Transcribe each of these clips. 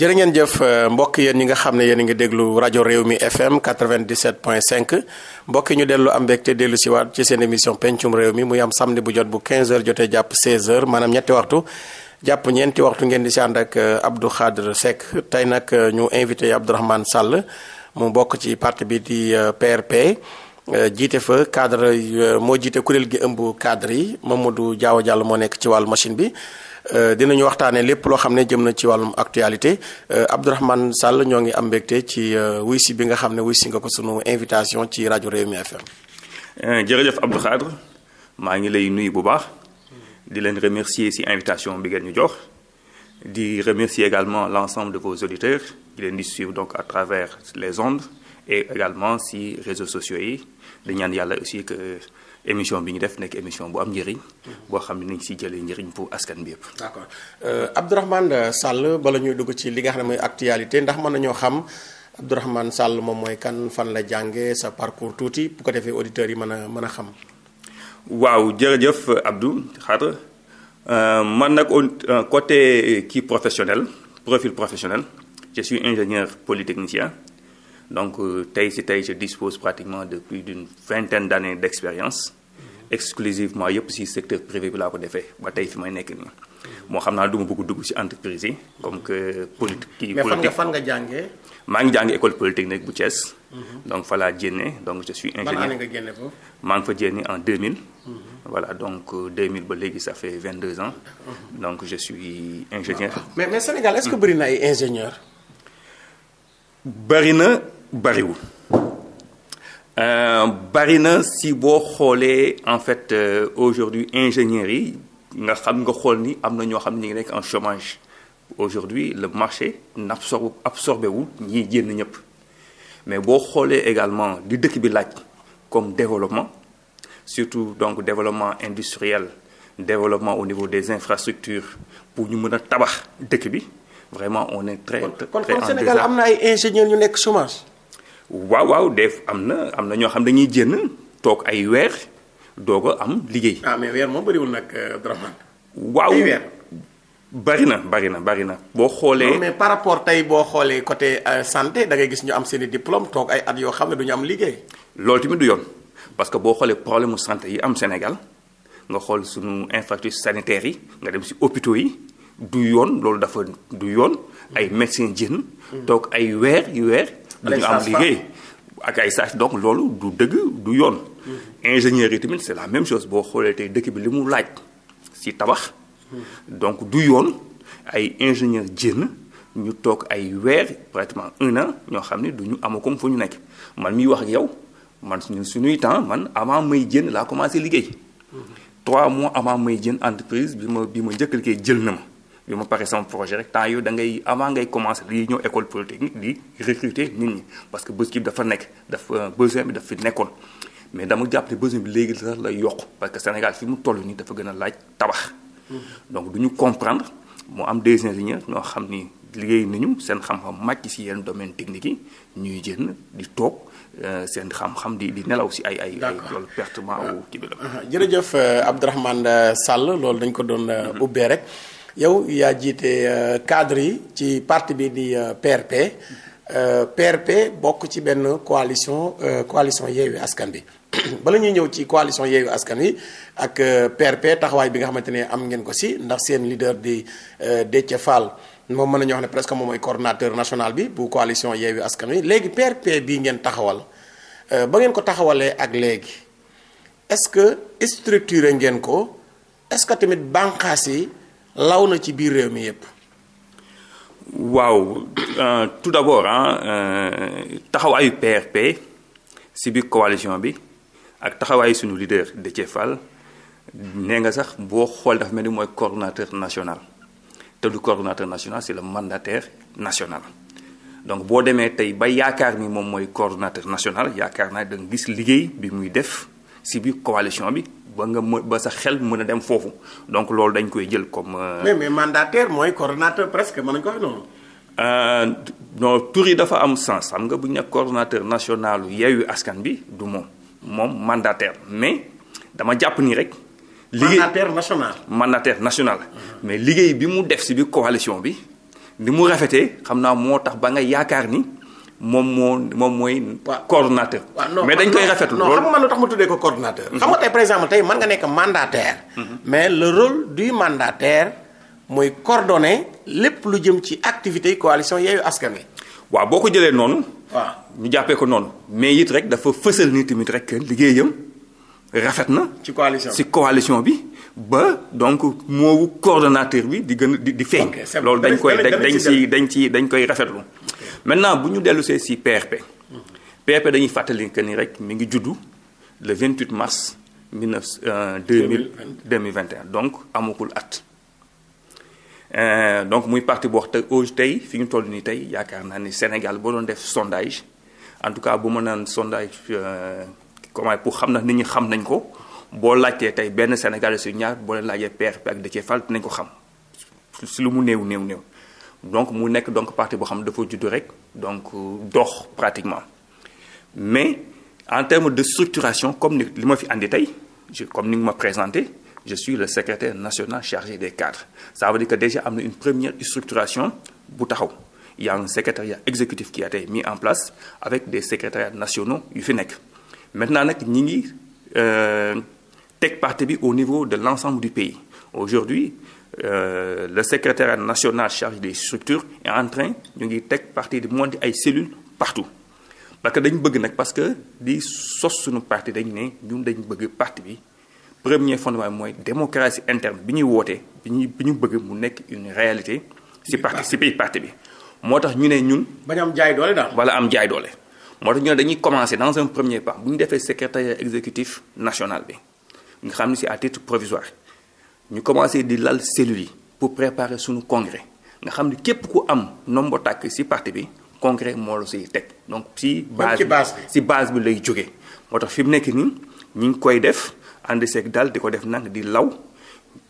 jërë ngeen jëf euh, mbokk yéen ñi nga xam ne yéen a ngi déglu rajo réew mi FM 97.5 mbokk yi ñu dellu am mbégte dellu si waat ci seen émission pencum réew mi muy am samedi bu jot bu 15h jotee jàpp 16h maanaam ñetti waxtu jàpp ñeenti waxtu ngeen di si ànd ak euh, Abdou Khadre Seck tey nag euh, ñu invité Abdourahmane Sall mu bokk ci parti bi di PRP jiite fa cadre moo jiite kuréel gi ëmb cadre yi du Diaw Diallo moo nekk ci wàllu machine bi. Euh, dinañu waxtaanee lépp loo xam ne jëm na ci wàllum actualité euh, Abdourahmane Sall ñoo ngi am mbégte ci euh, wuy si bi nga xam ne wuy nga ko sunu invitation ci rajo Rewmi FM. jërëjëf Abdou Khadre maa ngi lay nuyu bu baax di leen remercier ci invitation bi ngeen ñu jox di remercier également l'ensemble de vos auditeurs di leen di suivre donc à travers les ondes et également ci réseaux sociaux yi di ñaan yàlla aussi que. émission bi ñu def nekk émission boo am njëriñ. boo xam ne nañ si jëlee njëriñ pour askan bi yëpp. d' accord euh, Abdourahmane Sall bala ñuy dugg ci li nga xam ne mooy actualité ndax mën nañoo xam Abdourahmane sàll moom mooy kan fan la jàngee sa parcours tuuti bu ko defee auditeurs yi mën a mën a xam. waaw jërëjëf Abdou Khadre euh, man nag euh, côté kii professionnel profil professionnel je suis ingénieur polytechnicien. Donc, euh, tey si tey je dispose pratiquement de plus d'une vingtaine d'années d'expérience exclusivement yëpp si secteur privé bi laa ko defee ba tey fi may nekk nii. moo xam naa du ma bëgg dugg si entreprise yi comme que politique kii politique mais fan nga fan nga jàngee. maa ngi jàng école polytechnique bu Thiès. Mhm. donc fa laa génnee donc je suis ingénieur. ban année nga génne foofu. maa ngi fa génne en 2000. Mhm. Euh, ba léegi ça fait 22 ans. Mhm. donc je suis ingénieur. mais mais Sénégal est-ce que bëri ay ingénieurs. bëri bariwul euh, bari na si boo xoolee en fait euh, aujourd'hui ingénieurs yi nga xam nga xool ni am na ñoo xam ne ñu nekk en chômage aujourd'hui le marché n'absorbe absorbé wul ñiy génn ñëpp mais boo xoolee également di dëkk bi laaj comme développement surtout donc développement industriel développement au niveau des infrastructures pour ñu mën a tabax dëkk bi vraiment on est très. très en am na ay ingénieurs ñu nekk chômage. waaw waaw def am na am na ñoo xam ne dañuy jénn toog ay weer doo ko am liggéey. ah weer moom bëriwul nag euh, Dramane. waaw ay weer. na bari na bari na boo xoolee. mais par rapport tey boo xoolee côté euh, santé dangay gis ñu am seen i diplôme toog ay at yoo xam ne du ñu am liggéey. loolu tamit du yoon parce que boo xoolee problème mu santé yi am Sénégal nga xool suñu infrastructure sanitaire yi nga dem si hôpitaux yi du yoon loolu dafa du yoon ay médecins jën. Mm. toog ay weer yu weer. duñu am liggéey ak ay stage donc loolu du dëgg du yoon ingénieurs yi tamit c'est la même chose boo xoolee tey dëkk bi li mu laaj si tabax donc du yoon ay ingénieur jénn ñu toog ay weer pratiquement un an ñoo xam ne du ñu comme fu ñu nekk man miy wax ak yow man ñu suñuy temps man avant may jën laa commencé liggéey trois mois avant may jën entreprise bi ma bi ma njëkkal kee jël na ma bi ma pare sama projet rek temps yooyu da ngay avant ngay commencer di ñëw école polytechnique nit ñi parce que bés bi dafa nekk dafa besoin bi daf nekkoon mais dama jàpp ne besoin bi léegi sax la yokk parce que Sénégal fi mu toll nii dafa gën a laaj tabax. Mm-hmm. donc du ñu comprendre mu am des ingénieurs ñoo xam ni liggéey nañu seen xam-xam màcc ci yenn domaine technique yi ñuy génn di toog euh, seen xam-xam di di nelaw si ay ay. ay loolu pertement ci ah. bi la. jërëjëf euh, Abdourahmane euh, Sall loolu dañ ko doon mm-hmm. ubbee rek. yow yaa jiite euh, cadre yi ci parti bi di PRP euh, PRP euh, bokk ci benn coalition coalition Yewwi Askan Wi bala ñuy ñëw ci coalition Yewwi Askan Wi ak PRP taxawaay bi nga xamante ne am ngeen ko si ndax seen leader di Déthié Fall moom mën nañu wax ne presque moom mooy coordonnateur national bi bu coalition Yewwi Askan Wi léegi PRP bii ngeen taxawal ba ngeen ko taxawalee ak léegi est-ce que structuré ngeen ko est-ce que tamit bànqaas yi. law na ci biir réew mi yépp waaw euh, tout d'abord euh, taxawaayu PRP si biir coalition bi ak taxawaayu suñu leader Déthié Fall nee nga sax boo xool dafa mel ni mooy coordonnateur national te du coordonnateur national c'est le mandater national donc boo demee tey ba yaakaar ni moom mooy coordonnateur national yaakaar naa da nga gis liggéey bi muy def si biir coalition bi ba nga mën ba sa xel mën a dem foofu donc loolu dañ koy jël comme. Euh, mais mais mandataire mooy coordonnateur presque mën nañu ko waxee noonu. Euh, non tur yi dafa am sens xam nga bu ñu nekk coordonnateur national Yewwi Askan bi du moom moom mandataire mais dama jàpp nii rek. liggéey mandataire national. mandataire national. Mhm. mais liggéey bi mu def si biir coalition bi ni mu rafetee xam naa moo tax ba nga yaakaar ni. moom moo moom mooy. coordonnateur. mais dañ koy rafetlu loolu non xam man tax ma tuddee ko coordonnateur. xam nga tey par exemple tey mën nekk mandataire. Mhm. mais le rôle du mandataire mooy coordonner lépp lu jëm ci activité coalition Yewwi Askan Wi. waaw boo ko jëlee noonu. waaw ñu jàppee ko noonu. mais it rek dafa fësal ni tamit rek liggéeyam rafet na. ci coalition ci coalition bi. ba donc moowu coordonnateur bi di gën a di feeñ. loolu dañ koy dañ ci dañ ci dañ koy rafetlu. maintenant bu ñu dellu see si PRP. PRP dañuy fàttali que ni rek mi ngi juddu le 28 mars 19 2000 2021 donc amakul at. Euh, donc muy parti boo xam te tey fi ñu toll nii tey yaakaar naa ni Sénégal boo doon def sondage en tout cas bu ma naan sondage euh, comment pour xam na nit ñi xam nañ ko boo laajtee tey benn Sénégalais su ñaar boo leen laajee PRP ak Déthié Fall nañ ko xam si lu mu néew néew néew. donc mu nekk donc parti boo xam dafa juddu rek donc dox pratiquement mais en termes de structuration comme ni li ma fi andi tey comme ni nga ma présenté je suis le secrétaire national chargé des cadres ça veut dire que déjà am na une première structuration bu taxaw y a un secrétariat exécutif qui a été mis en place avec des secrétariats nationaux yu fi nekk maintenant nag ñi ngi euh, teg parti bi au niveau de l'ensemble du pays aujourd'hui Euh, le secrétaire national chargé des structures est en ñu ngi teg parti di monter ay cellules partout parce que dañ bëgg nag parce que di sos suñu parti dañu ne ñun dañu bëgg parti bi premier fondement mooy démocratie interne bi ñuy wootee bi ñuy ñu bëgg mu nekk une réalité ci parti ci biir parti bi moo tax ñu ne ñun bañ am jaay doole daal wala am jaay doole moo tax ñu ne dañuy commencer dans un premier pas bu ñu defee secrétaire exécutif national bi nga xam ne c'est à titre provisoire ñu commencé di lal cellules yi pour préparer suñu congrès nga xam ne képp ku am nombo tàkk ci parti bi congrès moo la siy teg donc ci base bi si base bi lay jógee moo tax fi mu nekk nii ñu ngi koy def ànd seeg dal di ko def nag di law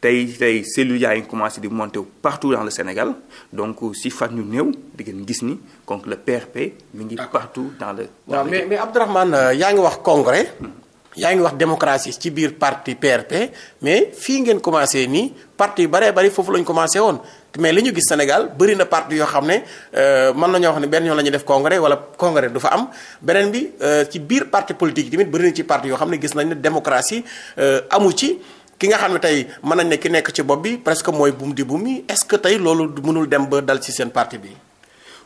tey tey cellules yaa ngi commencé di monter partout dans la Sénégal donc si fan ñu néew di ngeen gis ni donc le PRP mu ngi partout dans le. waaw mais mais Abdourahmane yaa ngi wax congrès. Hmm. yaa ngi wax démocratie ci biir parti PRP mais fii ngeen commencé nii parti yu baree bari foofu la ñu commencé woon mais li ñu gis Sénégal barina na yoo xam ne euh, mën nañoo xam ne benn yoon la ñuy def congrès wala congrès du fa am beneen bi euh, ci biir parti politique yi tamit bëri ci parti yoo xam ne gis nañ ne démocratie euh, amu ci ki nga xam ne tey mën nañ ne ki nekk ci bopp bi presque mooy bum di bum yi est-ce que tey loolu mënul dem ba dal ci seen parti bi.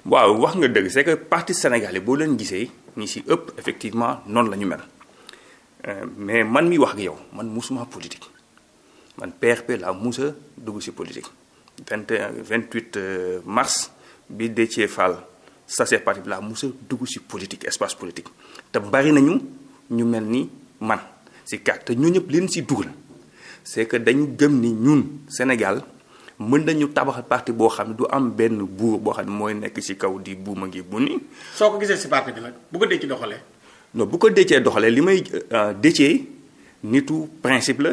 waaw wax nga dëgg c'est que parti sénégalais boo leen gisee ñu si ëpp effectivement noonu la ñu mel. Euh, mais man mi wax ak yow man musuma politique man PRP laa musa dugg ci politique. vingt 28 euh, mars bi Déthié sa sase parti bi laa musa dugg ci politique espace politique te bari nañu ñu mel ni man ci kàtt te ñoo ñëpp leen ci dugal c'est que dañu gëm ni ñun Sénégal. mën nañu tabax parti boo xam ne du am benn buur boo xam ne mooy nekk ci kaw di buuma ngi bunni. soo ko gisee ci parti bi nag bu ko dee ci doxalee. non bu ko dëccee doxalee li may euh, euh, dëccee nitu principe la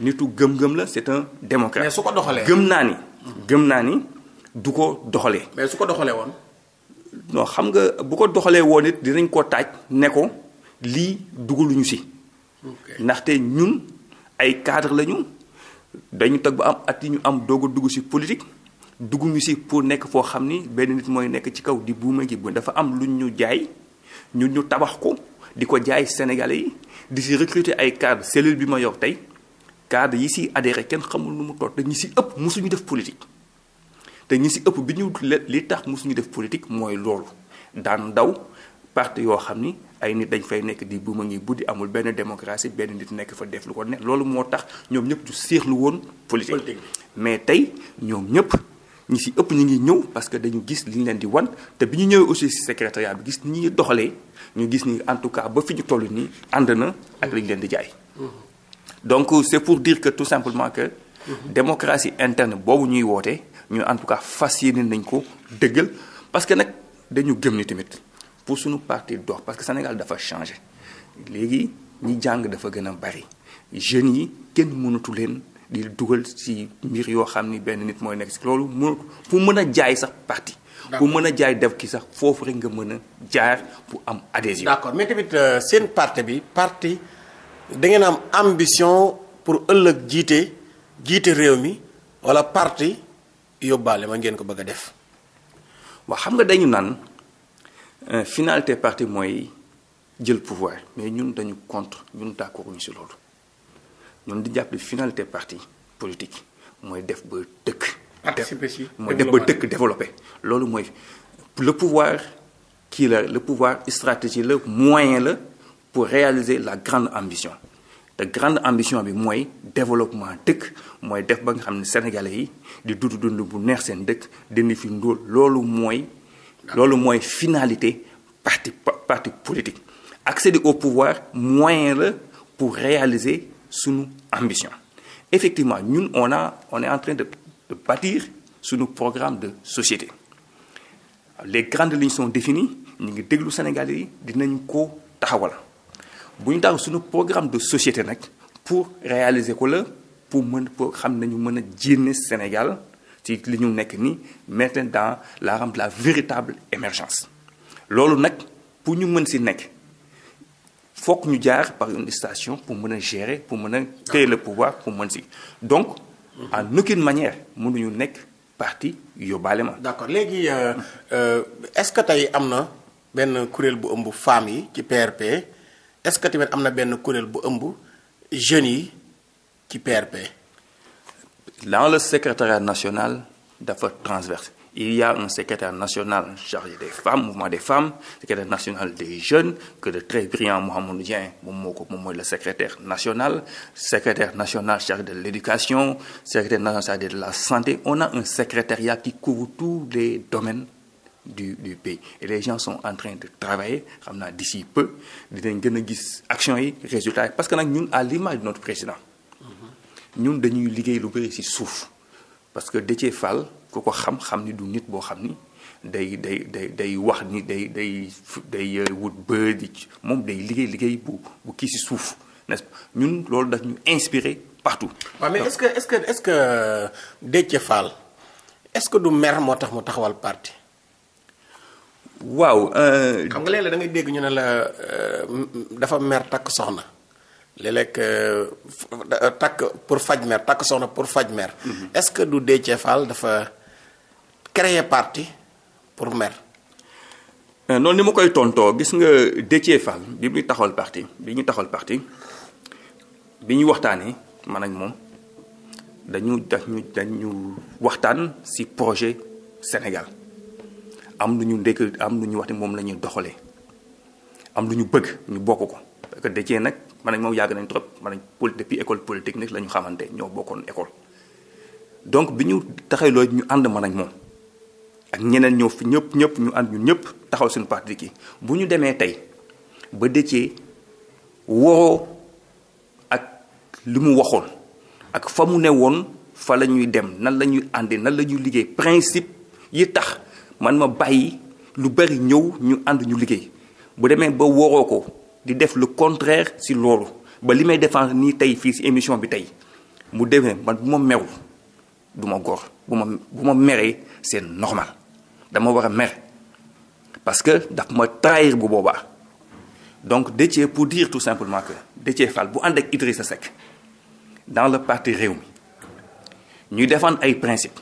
nitu gëm-gëm la c'est un démocrate. doxalee gëm naa ni. gëm naa ni du ko doxalee. mais su ko doxalee woon. non xam nga bu ko doxalee woon it dinañ ko taaj ne ko lii dugaluñu si. ndaxte ñun ay cadre lañu dañu toog ba am at yi ñu am doog a dugg si politique. dugguñu si pour nekk foo xam ni benn nit mooy nekk ci kaw di buuma gi bu dafa am luñ ñu jaay ñu ñu tabax ko di ko jaay Sénégalais yi di si recruter ay cadres cellule bi ma yow tey cadres yi si adhéré kenn xamul nu mu toog te ñi si ëpp mosuñu def politique. te ñi si ëpp bi ñu li tax mosuñu def politique mooy loolu daan daw parti yoo xam ni ay nit dañ fay nekk di bu ma ngi buddi amul benn démocratie benn nit nekk fa def lu ko ne loolu moo tax ñoom ñëpp du seexlu woon politique mais tey ñoom ñëpp ñi si ëpp ñu ngi ñëw parce que dañu gis li leen di wan te bi ñu ñëwee aussi si secrétariat bi gis ni ñu doxalee ñu gis ni en tout cas ba fi ñu toll nii ànd na ak li leen di jaay. donc c'est pour dire que tout simplement que. démocratie interne boobu ñuy woote ñu en tout cas fas yéene nañ ko dëggal parce que nag dañu gëm ni tamit pour suñu parti dox parce que Sénégal dafa changé léegi ñi jàng dafa gën a bari jeunes yi kenn mënatu leen di dugal ci mbir yoo xam ni benn nit mooy nekk si loolu mu pour mën a jaay sax partie pour mën a jaay def ki sax foofu rek nga mën a jaar pour am adhésion. d'accord mais tamit euh, seen parti bi parti da ngeen am ambition pour ëllëg jiite jiite réew mi wala parti yóbbaale ma ngeen ko bëgg a def. waaw xam nga dañu naan euh, finalité parti mooy jël pouvoir mais ñun dañu contre ñun d'accord ñu si loolu ñun di jàpp finalité parti politique mooy def ba dëkk. participer si mooy def ba dëkk développé loolu mooy le pouvoir kii la le pouvoir stratégie la moyen la pour réaliser la grande ambition te grande ambition bi mooy développement dëkk mooy def ba nga xam ne sénégalais yi di dund dund bu neex seen dëkk dindi fi ndóol loolu mooy loolu mooy finalité parti parti politique accéder au pouvoir moyen la pour réaliser sunu ambition effectivement ñun on a on est en train de de bâtir suñu programme de société les grandes lignes sont définies ñu ngi déglu Sénégal yi dinañ ko taxawal bu ñu taxaw suñu programme de société nag pour réaliser ko la pour mën pour xam nañu mën a jénne Sénégal ci li ñu nekk nii mettre dans la rampe de la véritable émergence loolu nag pour ñu mën si nekk fokk ñu jaar par une station pour mën a gérer pour mën a créer le pouvoir pour mën si donc en aucune manière mënuñu nekk parti yóbbaale ma. d'accord léegi euh, euh, est-ce que tey am na benn kuréel bu ëmb femmes yi ci PRP est-ce que am na benn kuréel bu ëmb jeunes yi ci PRP. dans le secrétariat national dafa transverse il y a un secrétaire national chargé des femmes mouvement des femmes secrétaire national des jeunes que de très brillant Mouhamadou Dieng moom moo ko moom mooy le secrétaire national secrétaire national chargé de l'éducation secrétaire national chargé de la santé on a un secrétariat qui couvre tous les domaines du du pays et les gens sont en train de travailler xam naa d'ici peu dinañ gën a gis action yi résultat parce que nag ñun à l'image de notre président mhm. ñun dañuy liggéey lu bëri ci suuf parce que Déthié Fall ku ko xam-xam ni du nit boo xam ni day day day day wax ni day day day euh, wut ba di moom day liggéey liggéey bu bu kii si suuf n'est-ce pas ñun loolu daf ñu inspiré partout. mais est que est-ce que est-ce que euh, Déthié Fall est-ce que du mer moo tax mu taxawal parti. waaw. Euh, xam nga léeg-léeg dégg ñu ne la dafa mer takk soxna léeg-léeg takk pour faj mer takk soxna pour faj mer. Mm-hmm. est du Déthié Fall dafa. créer parti pour maire. noonu euh, li ma koy tontoo gis nga Déthié Fall bi muy taxawal parti bi ñu taxawal parti bi ñu waxtaanee man ak moom dañu dañu dañu waxtaan si projet Sénégal am lu ñu ndekk am lu ñu wax moom la ñuy doxalee am lu ñu bëgg ñu bokk ko parce que nag man ak moom yàgg nañ trop man ak depuis école polytechnique la ñu xamante ñoo bokkoon école donc bi ñu taxawloo ñu ànd man ak moom. ak ñeneen ñëw ñëpp ñëpp ñu ànd ñu ñëpp taxaw suñu parti ki bu ñu demee tey ba Déthié woo ak li mu waxoon ak fa mu ne woon fa la ñuy dem nan lañuy ñuy nan la ñuy liggéey principe yi tax man ma bàyyi lu bari ñëw ñu ànd ñu liggéey bu demee ba woroo ko di def lu contraire si loolu ba li may défendre nii tey fii si émission bi tey mu demee man bu ma mew du ma góor bu ma bu ma meree c'est normal dama war a mer parce que daf ma trahir bu boobaa donc Déthié pour dire tout simplement que Déthié Fall bu ànd ak sa Seck dans le parti Rewmi ñuy défendre ay principes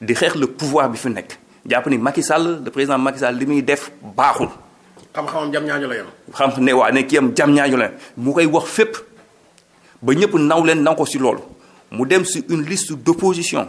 di xeex la pouvoir bi fi nekk jàpp ni Macky Sall le président Macky Sall li muy def baaxul. xam-xamam jam ñaañu la yem. xam ne waa ne kii am jam ñaajo la mu koy wax fépp ba ñëpp naw leen naw ko ci loolu mu dem ci une liste d'opposition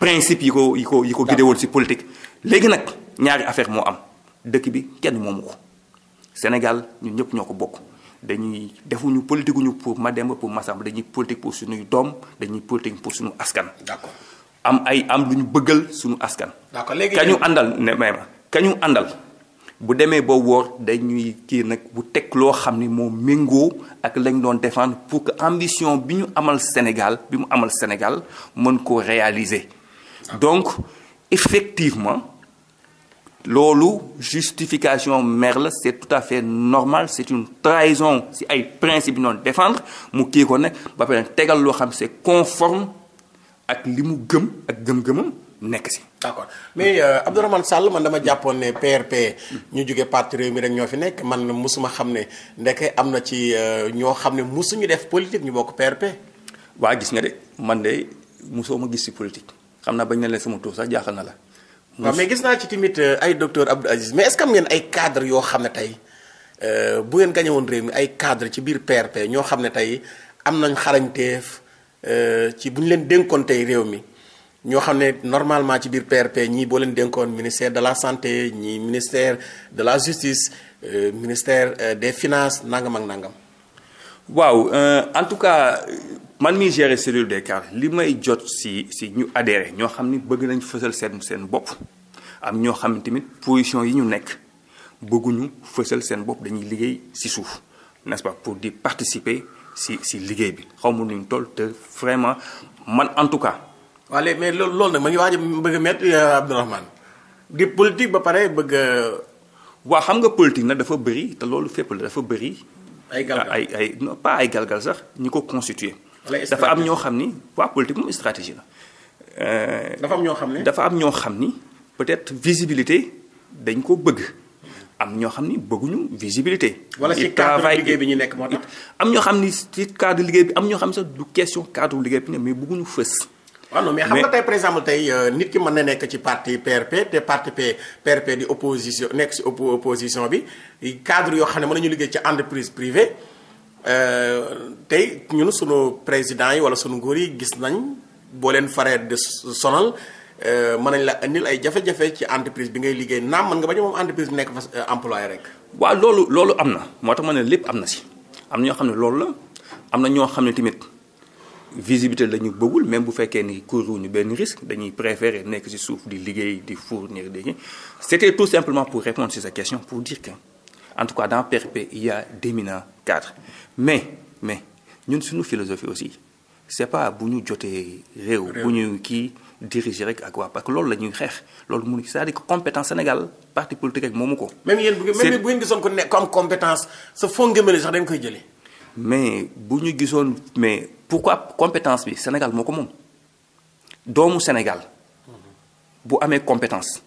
principe yi ko yi ko yi ko gidéwul si politique léegi nag ñaari affaire moo am dëkk bi kenn moomu ko Sénégal ñun ñëpp ñoo ko bokk dañuy defuñu politique ñu pour Mademba pour Massamba dañuy politique pour suñuy doom dañuy politique pour suñu askan. d'accord am ay am lu ñu bëggal suñu askan. d'accord léegi kañu àndal ne ma kañu àndal bu demee ba woor dañuy kii nag bu teg loo xam ni moom méngoo ak lañ doon défendre pour que ambition bi ñu amal Sénégal bi mu amal Sénégal mën koo réaliser. donc effectivement loolu justification Merle c'est tout à fait normal c'est une trahison si ay principe yi noonu défendre mu kii ko nag ba pare tegal loo xam c'est conforme ak li mu gëm ak gëm-gëmam nekk si. d'accord mais euh, Abdourahmane Sall man dama jàppoon ne PRP. ñu jóge parti réew mi rek ñoo fi nekk man mosuma xam ne ndeke am na ci euh, ñoo xam ne mosuñu def politique ñu bokk PRP. waa gis nga de man de mosoo ma gis si politique. xam naa bañ na leen sama tur sax jaaxal na la. waaw mais gis naa ci tamit euh, ay docteur Abdou Aziz mais est ngeen ay cadre yoo xam ne tey euh, bu ngeen gañe woon réew mi ay cadre ci biir PRP ñoo xam ne tey am nañ xarañteef euh, ci bu ñu leen dénkoon tey réew mi ñoo xam ne normalement ci biir PRP ñii boo leen dénkoon ministère de la santé ñii ministère de la justice ministère des finance nangam ak nangam. waaw euh, en tout cas man miy gérer cellule des cadres li may jot si si ñu adhéré ñoo xam ni bëgg nañ fësal seen seen bopp am ñoo xam ne tamit position yi ñu nekk bëgguñu fësal seen bopp dañuy liggéey si suuf n'est-ce pour di participer si si liggéey bi xaw ma nuñ toll te vraiment man en tout cas. waaw léegi mais loolu loolu nag ma ngi waaj a bëgg a métti euh, Abdourahmane di politique ba pare bëgg a. Euh, waaw xam nga politique nag dafa bëri te loolu fépp la dafa bëri. ay galgal ah, ay ay non pas ay galgal sax ñi ko constitué. dafa am ñoo xam ni waa politique moom stratégie la. Euh, dafa am ñoo xam ne dafa am ñoo xam ni peut-être visibilité dañ ko bëgg. am ñoo xam ni bëgguñu visibilité. wala ci cadre liggéey bi ñu nekk moo tax am ñoo xam ni ci cadre liggéey bi am ñoo xam ne sax du question cadre liggéey bi ne mais bëgguñu fës. waaw mais xam nga tey par exemple tey euh, nit ki mën na nekk ci parti PRP te parti PRP di opposition nekk si opposition bi cadre yoo xam ne na ñu liggéey ci entreprise privée euh, tey ñun suñu président yi wala suñu nguur yi gis nañ boo leen faree de sonal euh, mën nañ la indil ay jafe-jafe ci entreprise bi ngay liggéey naam mën nga bañ a moom entreprise bi nekk fa employé rek. waaw loolu loolu am na moo tax ma ne lépp am na si am ñoo xam ne loolu la am na ñoo xam ne tamit. visibilité la ñu bëggul même bu fekkee ni ñu benn risque dañuy préférer nekk si suuf di liggéey di fournir di c'était tout simplement pour répondre sur sa question pour dire que en tout cas dans PRP il y a d'éminents mais mais ñun suñu philosophie aussi c'est pas bu ñu jotee réew bu ñu kii diriger rek ak waa parce que loolu la ñuy xeex loolu mu c'est-à-dire que compétence Sénégal parti politique rek moomu ko. même yéen bu ngeen même ko ne ko am compétence sa koy jëlee. mais bu ñu gisoon mais pourquoi compétence bi Sénégal moo ko moom doomu Sénégal bu amee compétence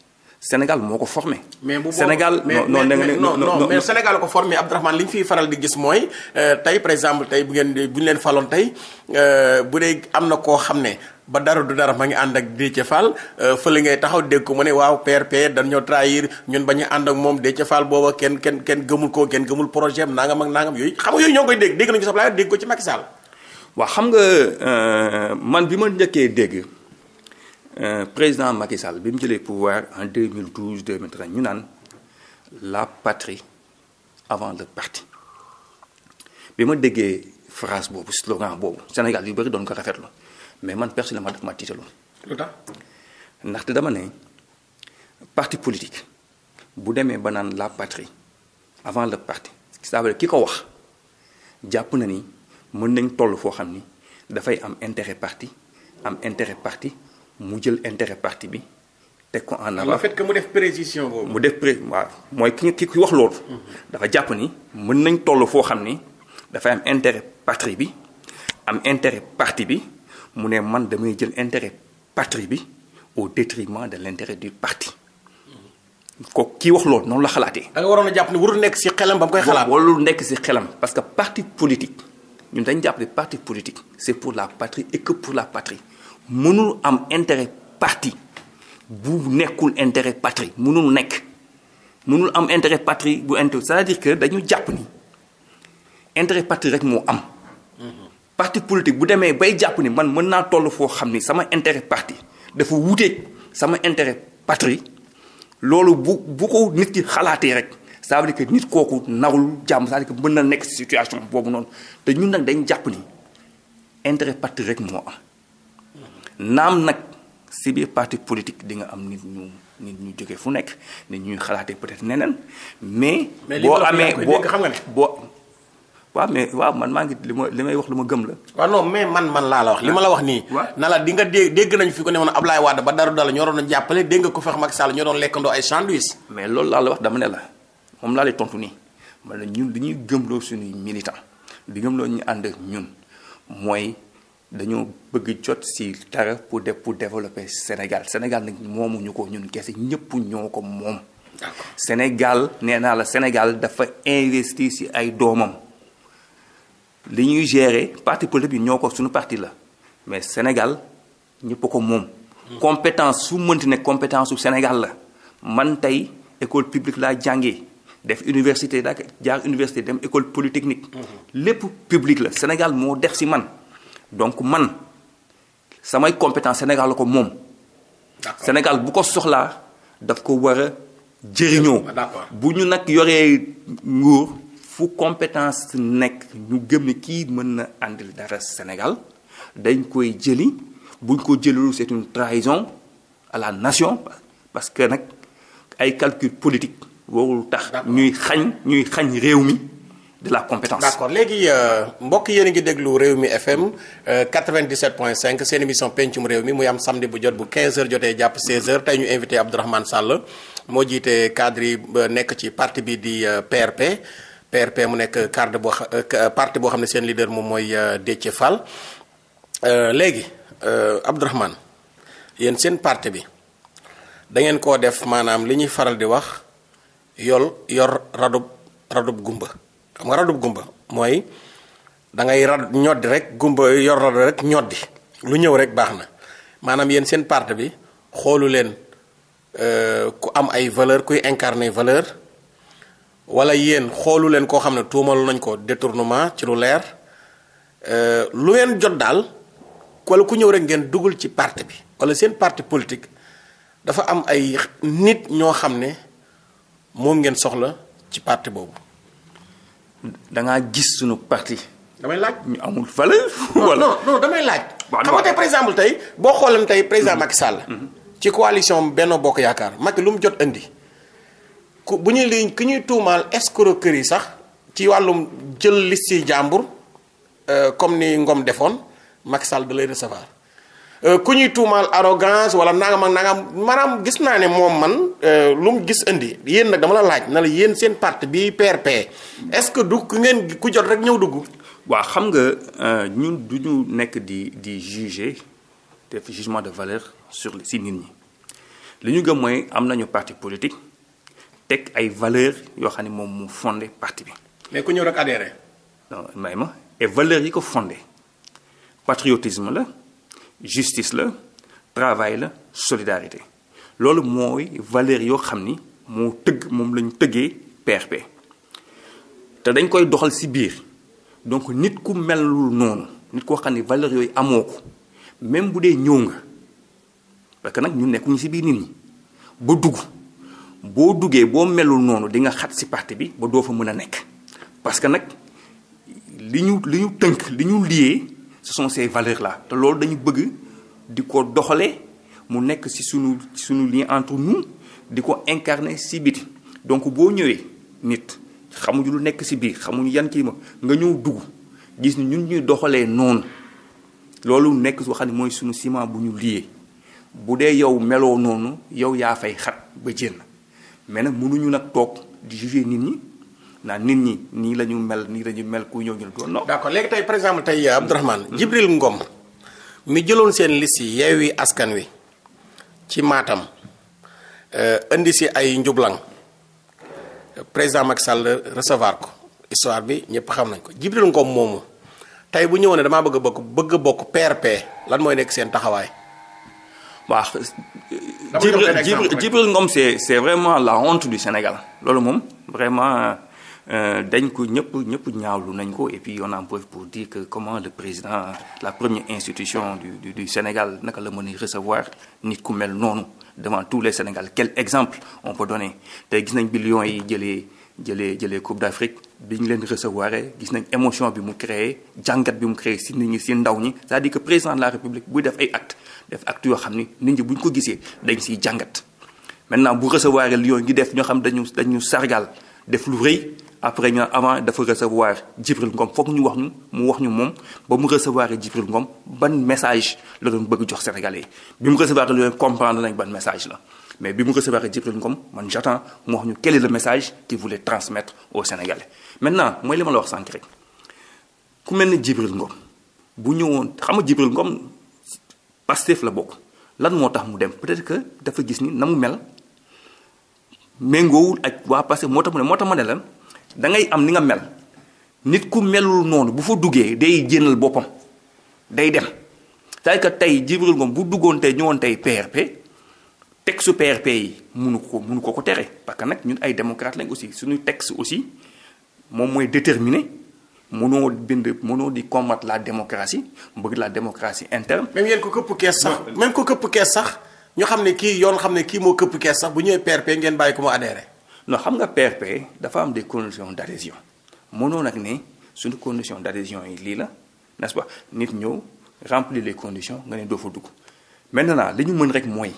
Sénégal moo ko formé. mais bu Sénégal non non non non mais Sénégal ko formé Abdourahmane li ñu fiy faral di gis mooy euh, tey par exemple tey bu ngeen bu ñu leen faloon tey euh, bu dee am na koo xam ne. ba dara du dara ma ngi ànd ak Déthié Fall euh, fële ngay taxaw dégg ko mu ne waaw PRP dañoo trahir ñun ba ñu ànd ak moom Déthié Fall booba kenn kenn kenn gëmul ko kenn gëmul projet am nangam ak nangam yooyu xam nga yooyu ñoo koy dégg dégg nañu sax laa dégg ko ci Macky Sall. waaw xam nga man bi ma njëkkee dégg. Euh, président Macky Sall bi mu jëlee pouvoir en 2012 2013 ñu naan la patrie avant le parti bi ma déggee phrase boobu slogan boobu Sénégal yu bari doon ko rafet rafetlu mais man personnellement daf ma tiitaloon. lu tax ndaxte dama ne parti politique bu demee ba naan la patrie avant le parti cest à ki ko wax jàpp na ni mën nañ toll foo xam ni dafay am intérêt parti am intérêt parti. mu jël intérêt parti bi teg ko en avant. le fait que mu def précision boobu. mu def pré waaw mooy ki ki ki wax loolu. Mhm. dafa jàpp ni mën nañ toll foo xam ni dafay am intérêt patrie bi am intérêt parti bi mu ne man damay jël intérêt patrie bi au détriment de l' intérêt du parti. Mhm. ko kii wax loolu noonu la xalaatee. da nga a jàpp ne warul nekk si xelam ba mu koy xalaat. lu nekk si xelam parce que parti politique ñun dañ jàpp ne parti politique c' est pour la patrie et pour la patrie. mënul am intérêt parti bu nekkul intérêt patrie mënul nekk mënul am intérêt patrie bu intérêt c'est-à-dire que dañu jàpp nii intérêt patrie rek moo am. parti politique bu demee bay jàpp ni man mën naa toll foo xam ni sama intérêt parti dafa wuuteeg sama intérêt patrie loolu bu bu ko nit xalaatee rek ça veut dire que nit kooku narul jàmm cest à mën naa nekk situation boobu noonu te ñun nag dañ jàpp ni intérêt parti rek moo am. naam nag si biir parti politique di nga am nit ñu nit ñu jógee fu nekk nit ñuy xalaatee peut-être neneen mais. boo amee boo xam nga boo. waaw mais waaw man maa ngi li ma li may wax lu ma gëm la. waaw non mais man man laa la wax li ma la wax nii. na la di nga dégg dégg nañu fi ko ne woon Ablaye Wade ba dara dal ñoo doon jàppale dégg nga ko fex Macky Sall ñoo doon lekkandoo ay sandwich. mais loolu laa la wax dama ne la moom laa lay tontu nii man la ñun li ñuy gëmloo suñuy militant li gëmloo ñu ànd ñun mooy. dañoo bëgg jot si dara pour def pour développer Sénégal Sénégal nag moomuñu ko ñun kese ñëpp ñoo ko moom. Sénégal nee naa la Sénégal dafa investir si ay doomam li ñuy gérer parti politique bi ñoo ko suñu parti la mais Sénégal ñëpp ko moom. Hmm. compétence su mënti nekk compétence su Sénégal la man tey école publique laa jàngee def université daa jaar université dem école polytechnique. Hmm. lépp publique la Sénégal moo def si man. donc man samay compétence Sénégal la ko moom. Sénégal bu ko soxlaa daf ko war a jëriñoo. Ah, bu ñu nag yoree nguur fu compétence nekk ñu gëm kii mën na indil dara Sénégal dañ koy jëli buñ ko jëlul c'est une trahison à la nation parce que nag ay calcul politique warul tax ñuy xañ ñuy xañ réew mi. de la compétence. d'accord léegi euh, mbokk yéen a ngi déglu réew mi FM 97.5 seen émission pencum réew mi muy am samedi bu jot bu 15h jotee jàpp 16h tey ñu invité Abdourahmane Sall moo jiite cadre yi nekk ci parti bi di euh, PRP. PRP mu nekk cadre boo xa euh, parti boo xam ne seen leader moom mooy Déthié Fall léegi Abdourahmane yéen seen parti bi da ngeen koo def maanaam li ñuy faral di wax yol yor radub radub gumba. xam nga radub gumba mooy da ngay rad ñoddi rek gumba yor rad rek ñoddi lu ñëw rek baax na maanaam yéen seen parti bi xoolu leen euh, ku am ay valeur kuy incarner valeur wala yéen xoolu leen koo xam ne tuumal nañ ko détournement ci lu leer euh, lu ngeen jot daal wala ku ñëw rek ngeen dugal ci parti bi wala seen parti politique dafa am ay nit ñoo xam ne moom ngeen soxla ci parti boobu da ngaa gis suñu parti. damay laaj ñu amul valeur. wala non damay laaj. xam nga tey par exemple tey boo xoolam tey président Macky Sall. Mm-hmm. ci coalition Benno Bokk Yaakaar Macky lu mu jot indi ku bu ñuy liñ ki ñuy tuumaal escroquerie sax ci wàllum jël liste yi jàmbur euh, comme ni ngoom defoon Macky Sall da Euh, ku ñuy tuumaal arrogance wala nangam ak nangam maanaam gis naa ne moom man euh, lu mu gis indi yéen nag dama la laaj na la yéen seen parti bi PRP est-ce que du ku ngeen ku jot rek ñëw dugg. waa xam nga euh, ñun du ñu nekk di di juger def jugement de valeur sur si nit ñi li ñu gëm mooy am nañu parti politique teg ay valeurs yoo xam ne moom mu fonde parti bi. mais ku ñëw rek adhéré. may ma et valeurs yi ko fondé patriotisme la. justice la travail la solidarité loolu mooy valeur yoo xam ni moo tëgg moom lañu tëggee PRP te dañ koy doxal si biir donc nit ku melul noonu nit koo xam ne valeur yooyu amoo ko même bu dee ñëw nga parce que nag ñu nekkuñu si biir nit ñi ba dugg boo duggee boo melul noonu di nga xat si parti bi ba doo fa mën a nekk parce que nag li ñu li ñu tënk li ñu liyee ce sont ces valeurs te loolu dañu bëgg di ko doxalee mu nekk ci sunu sunu lien entre nous di ko incarner ci biti donc boo ñëwee nit xamuñu lu nekk ci biir xamuñu yan kii ma nga ñëw dugg gis ni ñun ñuy doxalee noonu loolu nekk soo xam ne mooy sunu ciment bu ñu liyee bu dee yow meloo noonu yow yaa fay xat ba jénn mais nag mënuñu nag toog di juger nit ñi naa nit ñi nii la ñu mel nii la ñu mel ku ñëw ñu doon non. d'accord léegi tey par exemple tey euh, Abdourahmane hmm. Jibril Ngom mi jëloon seen liste yi Yewwi Askan Wi ci Matam euh, indi si ay njublang président Macky Sall recevoir ko histoire bi ñëpp xam nañ ko Jibril Ngom moomu tey bu ñëwoon ne damaa bëgg a bokk bëgg a bokk PRP lan mooy nekk seen taxawaay. waa Jibril Jibril Ngom c'est c'est vraiment la honte du Sénégal loolu moom euh, Euh, dañ ko ñëpp ñëpp ñaawlu nañ ko et puis on en preuve pour dire que comment le président la première institution du Sénégal naka la mën a recevoir nit ku mel noonu devant tous les sénégal quel exemple on peut donner tey gis nañ bi Lions yi jëlee jëlee jëlee Coupe d'Afrique bi ñu leen recevoir gis nañ émotion bi mu créé jàngat bi mu créé si nit ñi si ndaw ñi c'est-à-dire que président de la République buy def ay acte def acte yoo xam ni nit ñi bu ñu ko gisee dañ siy jàngat maintenant bu recevoir Lions yi def ñoo xam dañu dañu sargal def lu rëy après ñu avant dafa recevoir Jibril Ngom foog ñu wax ñu mu wax ñu moom ba mu recevoir Jibril Ngom ban message la doon bëgg jox sénégalais yi bi mu recevoir la doon comprendre nañ ban message la mais bi mu recevoir Jibril Ngom man j'attends mu wax ñu quel est le message qu'il voulait au aux sénégalais maintenant mooy li ma la wax sànq rek ku mel ni Jibril Ngom bu ñëwoon xam nga Jibril Ngom Pastef la bokk lan moo tax mu dem peut-être que dafa gis ni na mu mel. méngoowul ak waa parce que moo tax mu ne moo tax ma ne la da ngay am ni nga mel nit ku melul noonu bu fa duggee day jénnal boppam day dem c'est-à-dire que tey Djibril Ngom bu duggoon tey ñëwoon tey PRP texte PRP yi munu ko munu ko ko tere parce que nag ñun ay démocrate lañ aussi suñu texte aussi moom mooy déterminé mënoo bind mënoo di combattre la démocratie bëgg la démocratie interne. même yéen ko këpp kees sax même ko këpp kees sax. ñu xam ne kii yoon xam ne kii moo këpp kees sax bu ñëwee PRP ngeen bàyyi ko mu adhéré. non xam nga PRP dafa am des conditions d'adhésion mënoon nag ne suñu condition d'adhésion yi lii la n'est-ce nit ñëw remplir les conditions nga ne doo fa dugg maintenant li mën rek mooy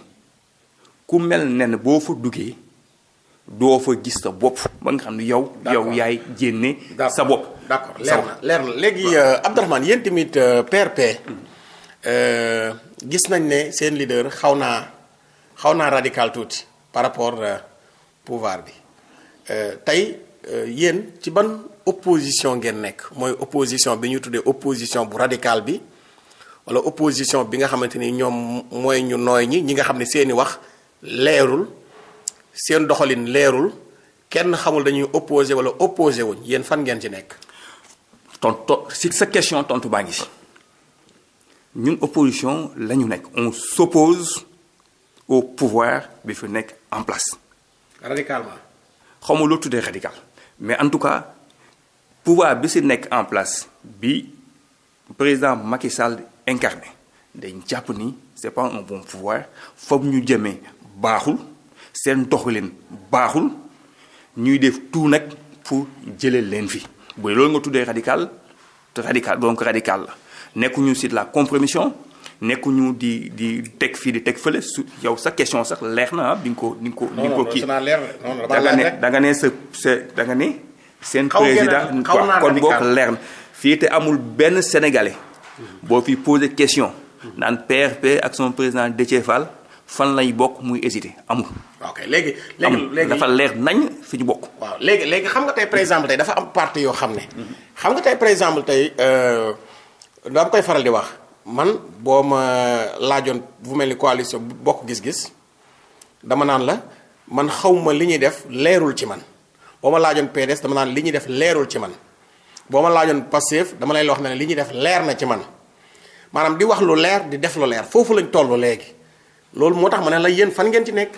ku mel nen boo fa duggee doo fa gis sa bopp ba nga xam ne yow. yow yaay jénne sa bopp. d'accord leer na léegi euh, Abdourahmane yéen tamit PRP. Euh, gis nañ ne seen leader xaw naa xaw naa radical tuuti par rapport euh, pouvoir bi euh, tey euh, yéen ci ban opposition ngeen nekk mooy opposition bi ñu tuddee opposition bu radical bi wala opposition bi nga xamante ni ñoom mooy ñu nooy ñi ñi nga xam ne seeni wax leerul seen doxalin leerul kenn xamul dañuy opposé wala opposé wuñ yéen fan ngeen ci nekk. tontu si sa question tontu baa ngi si. ñun opposition la ñu nekk on s'oppose au pouvoir bi fi nekk en place. radicalement. xaw ma loo tuddee radical mais en tout cas pouvoir bi si nekk en place bi président Macky Sall incarné dañ jàpp ni c'est pas un bon pouvoir foofu ñu jëmee baaxul seen leen baaxul ñuy def tout nag pour jële leen fi bu loolu nga tuddee radical te radical donc radical la. ñu si la nekku ñu di di teg fii di teg fële su yow sa question sax leer naa ah di nga ko ni nga ko. di nga ko kii da ne da nga ne sa sa da nga ne. seen président kon boo ko leer fii te amul benn sénégalais. boo fi posé question. naan PRP ak son président de Fall fan lay bokk muy hésité amul. ok léegi léegi dafa leer nañ fi ñu bokk. waaw léegi léegi xam nga tey par exemple tey dafa am parti yoo xam ne. xam nga tey par exemple tey. Euh, dama koy faral di wax man boo ma laajoon bu mel ni coalition bokk gis-gis dama naan la man xawma li ñuy def leerul ci man boo ma laajoon PDS dama naan li ñuy def leerul ci man boo ma laajoon Pastef dama lay wax na ne li ñuy def leer na ci man maanaam di wax lu leer di def lu leer foofu lañu toll léegi loolu moo tax ma ne la yéen fan ngeen ci nekk.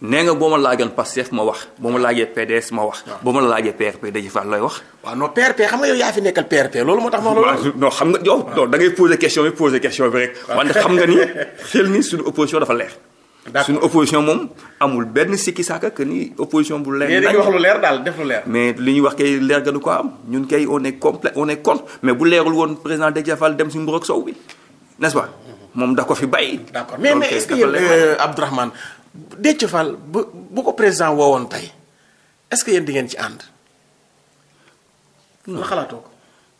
nee nga boo ma laajoon Pastef ma wax boo ma laajee PDS ma wax. waaw boo ma laajee PRP Déthié Fall looy wax. waaw non PRP da ngay poser question bi poser question bi benn sikki saaka que ni bu leer. wax lu leer daal def lu wax kay leer ga du ko am ñun kay on mais bu leerul woon président Déthié Fall dem si mburok sow bi n'est-ce mm-hmm. moom da ko fi bàyyi. d'accord mais mais est-ce que Déthié Fall bu bu ko président woo woon tey est-ce que yéen di ngeen ci ànd. non xalaatoo ko.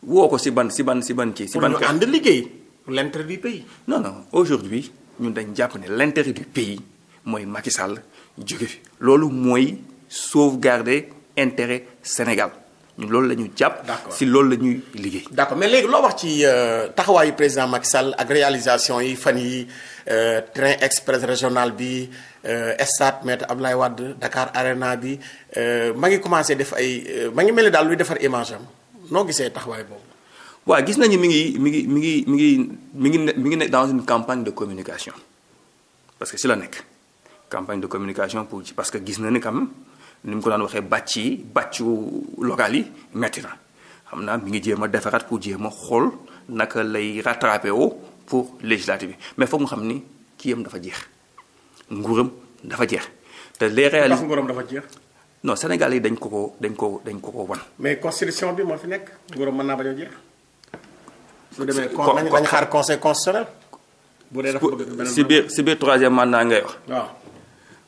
woo ko si ban si ban si ban kii. si ban kii pour ñu ànd liggéey. l'intérêt du pays. non non aujourd'hui ñun dañ jàpp ne l'intérêt du pays mooy Macky Sall jóge fi loolu mooy sauvegarder intérêt Sénégal ñun loolu la ñu jàpp. si loolu la ñuy liggéey. d'accord mais léegi loo wax ci euh, taxawaayu président Macky Sall ak réalisation yi fan yi Euh, train express régional bi euh, stade Maître Abdoulaye Wade Dakar Arena bi euh, ma ngi commencé def ay ma ngi mel ni daal luy defar image am noo gisee taxawaay boobu. waa gis nañu mi ngi mi ngi mi ngi mi ngi mi ngi mi ngi nekk dans une campagne de communication parce que si la nekk campagne de communication pour parce que gis na ni kam ni mu ko daan waxee bàcc yi bàccu local yi métti na xam naa mi ngi jéem a defaraat pour jéem a xool naka lay rattrapé pour législative bi mais foog mu xam ni kiyam dafa jeex nguuram dafa jeex. te les réalités nguuram dafa jeex. no Sénégal yi dañ ko ko dañ ko dañ ko ko wan. mais constitution bi moo fi nekk nguuram mën naa bañ a jeex. su demee con xaar conseil constitutionnel. bu dee dafa bëgg si biir si biir troisième mandat ngay wax.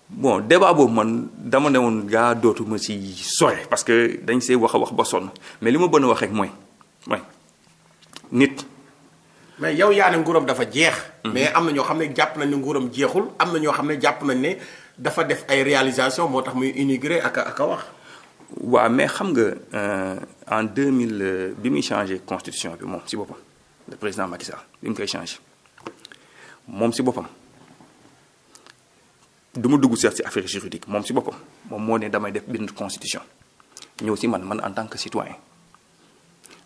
bon débat boobu man dama ne woon gaa dootuma si sore parce que dañ see wax a wax ba sonn mais li ma bëgg a wax rek mooy mooy nit. mais yow yaa ne nguuram dafa jeex. Mhm. mais am na ñoo xam ne jàpp nañ ne nguuram jeexul am na ñoo xam ne jàpp nañ ne dafa def ay réalisation moo tax muy inauguré ak a ak a wax. waaw mais xam nga euh, en 2000 euh, bi muy changé constitution bi moom si boppam le président Macky Sall mu koy changé moom si boppam du dugg seet si affaire juridique moom si boppam moom moo ne damay def bind constitution ñëw si man man en tant que citoyen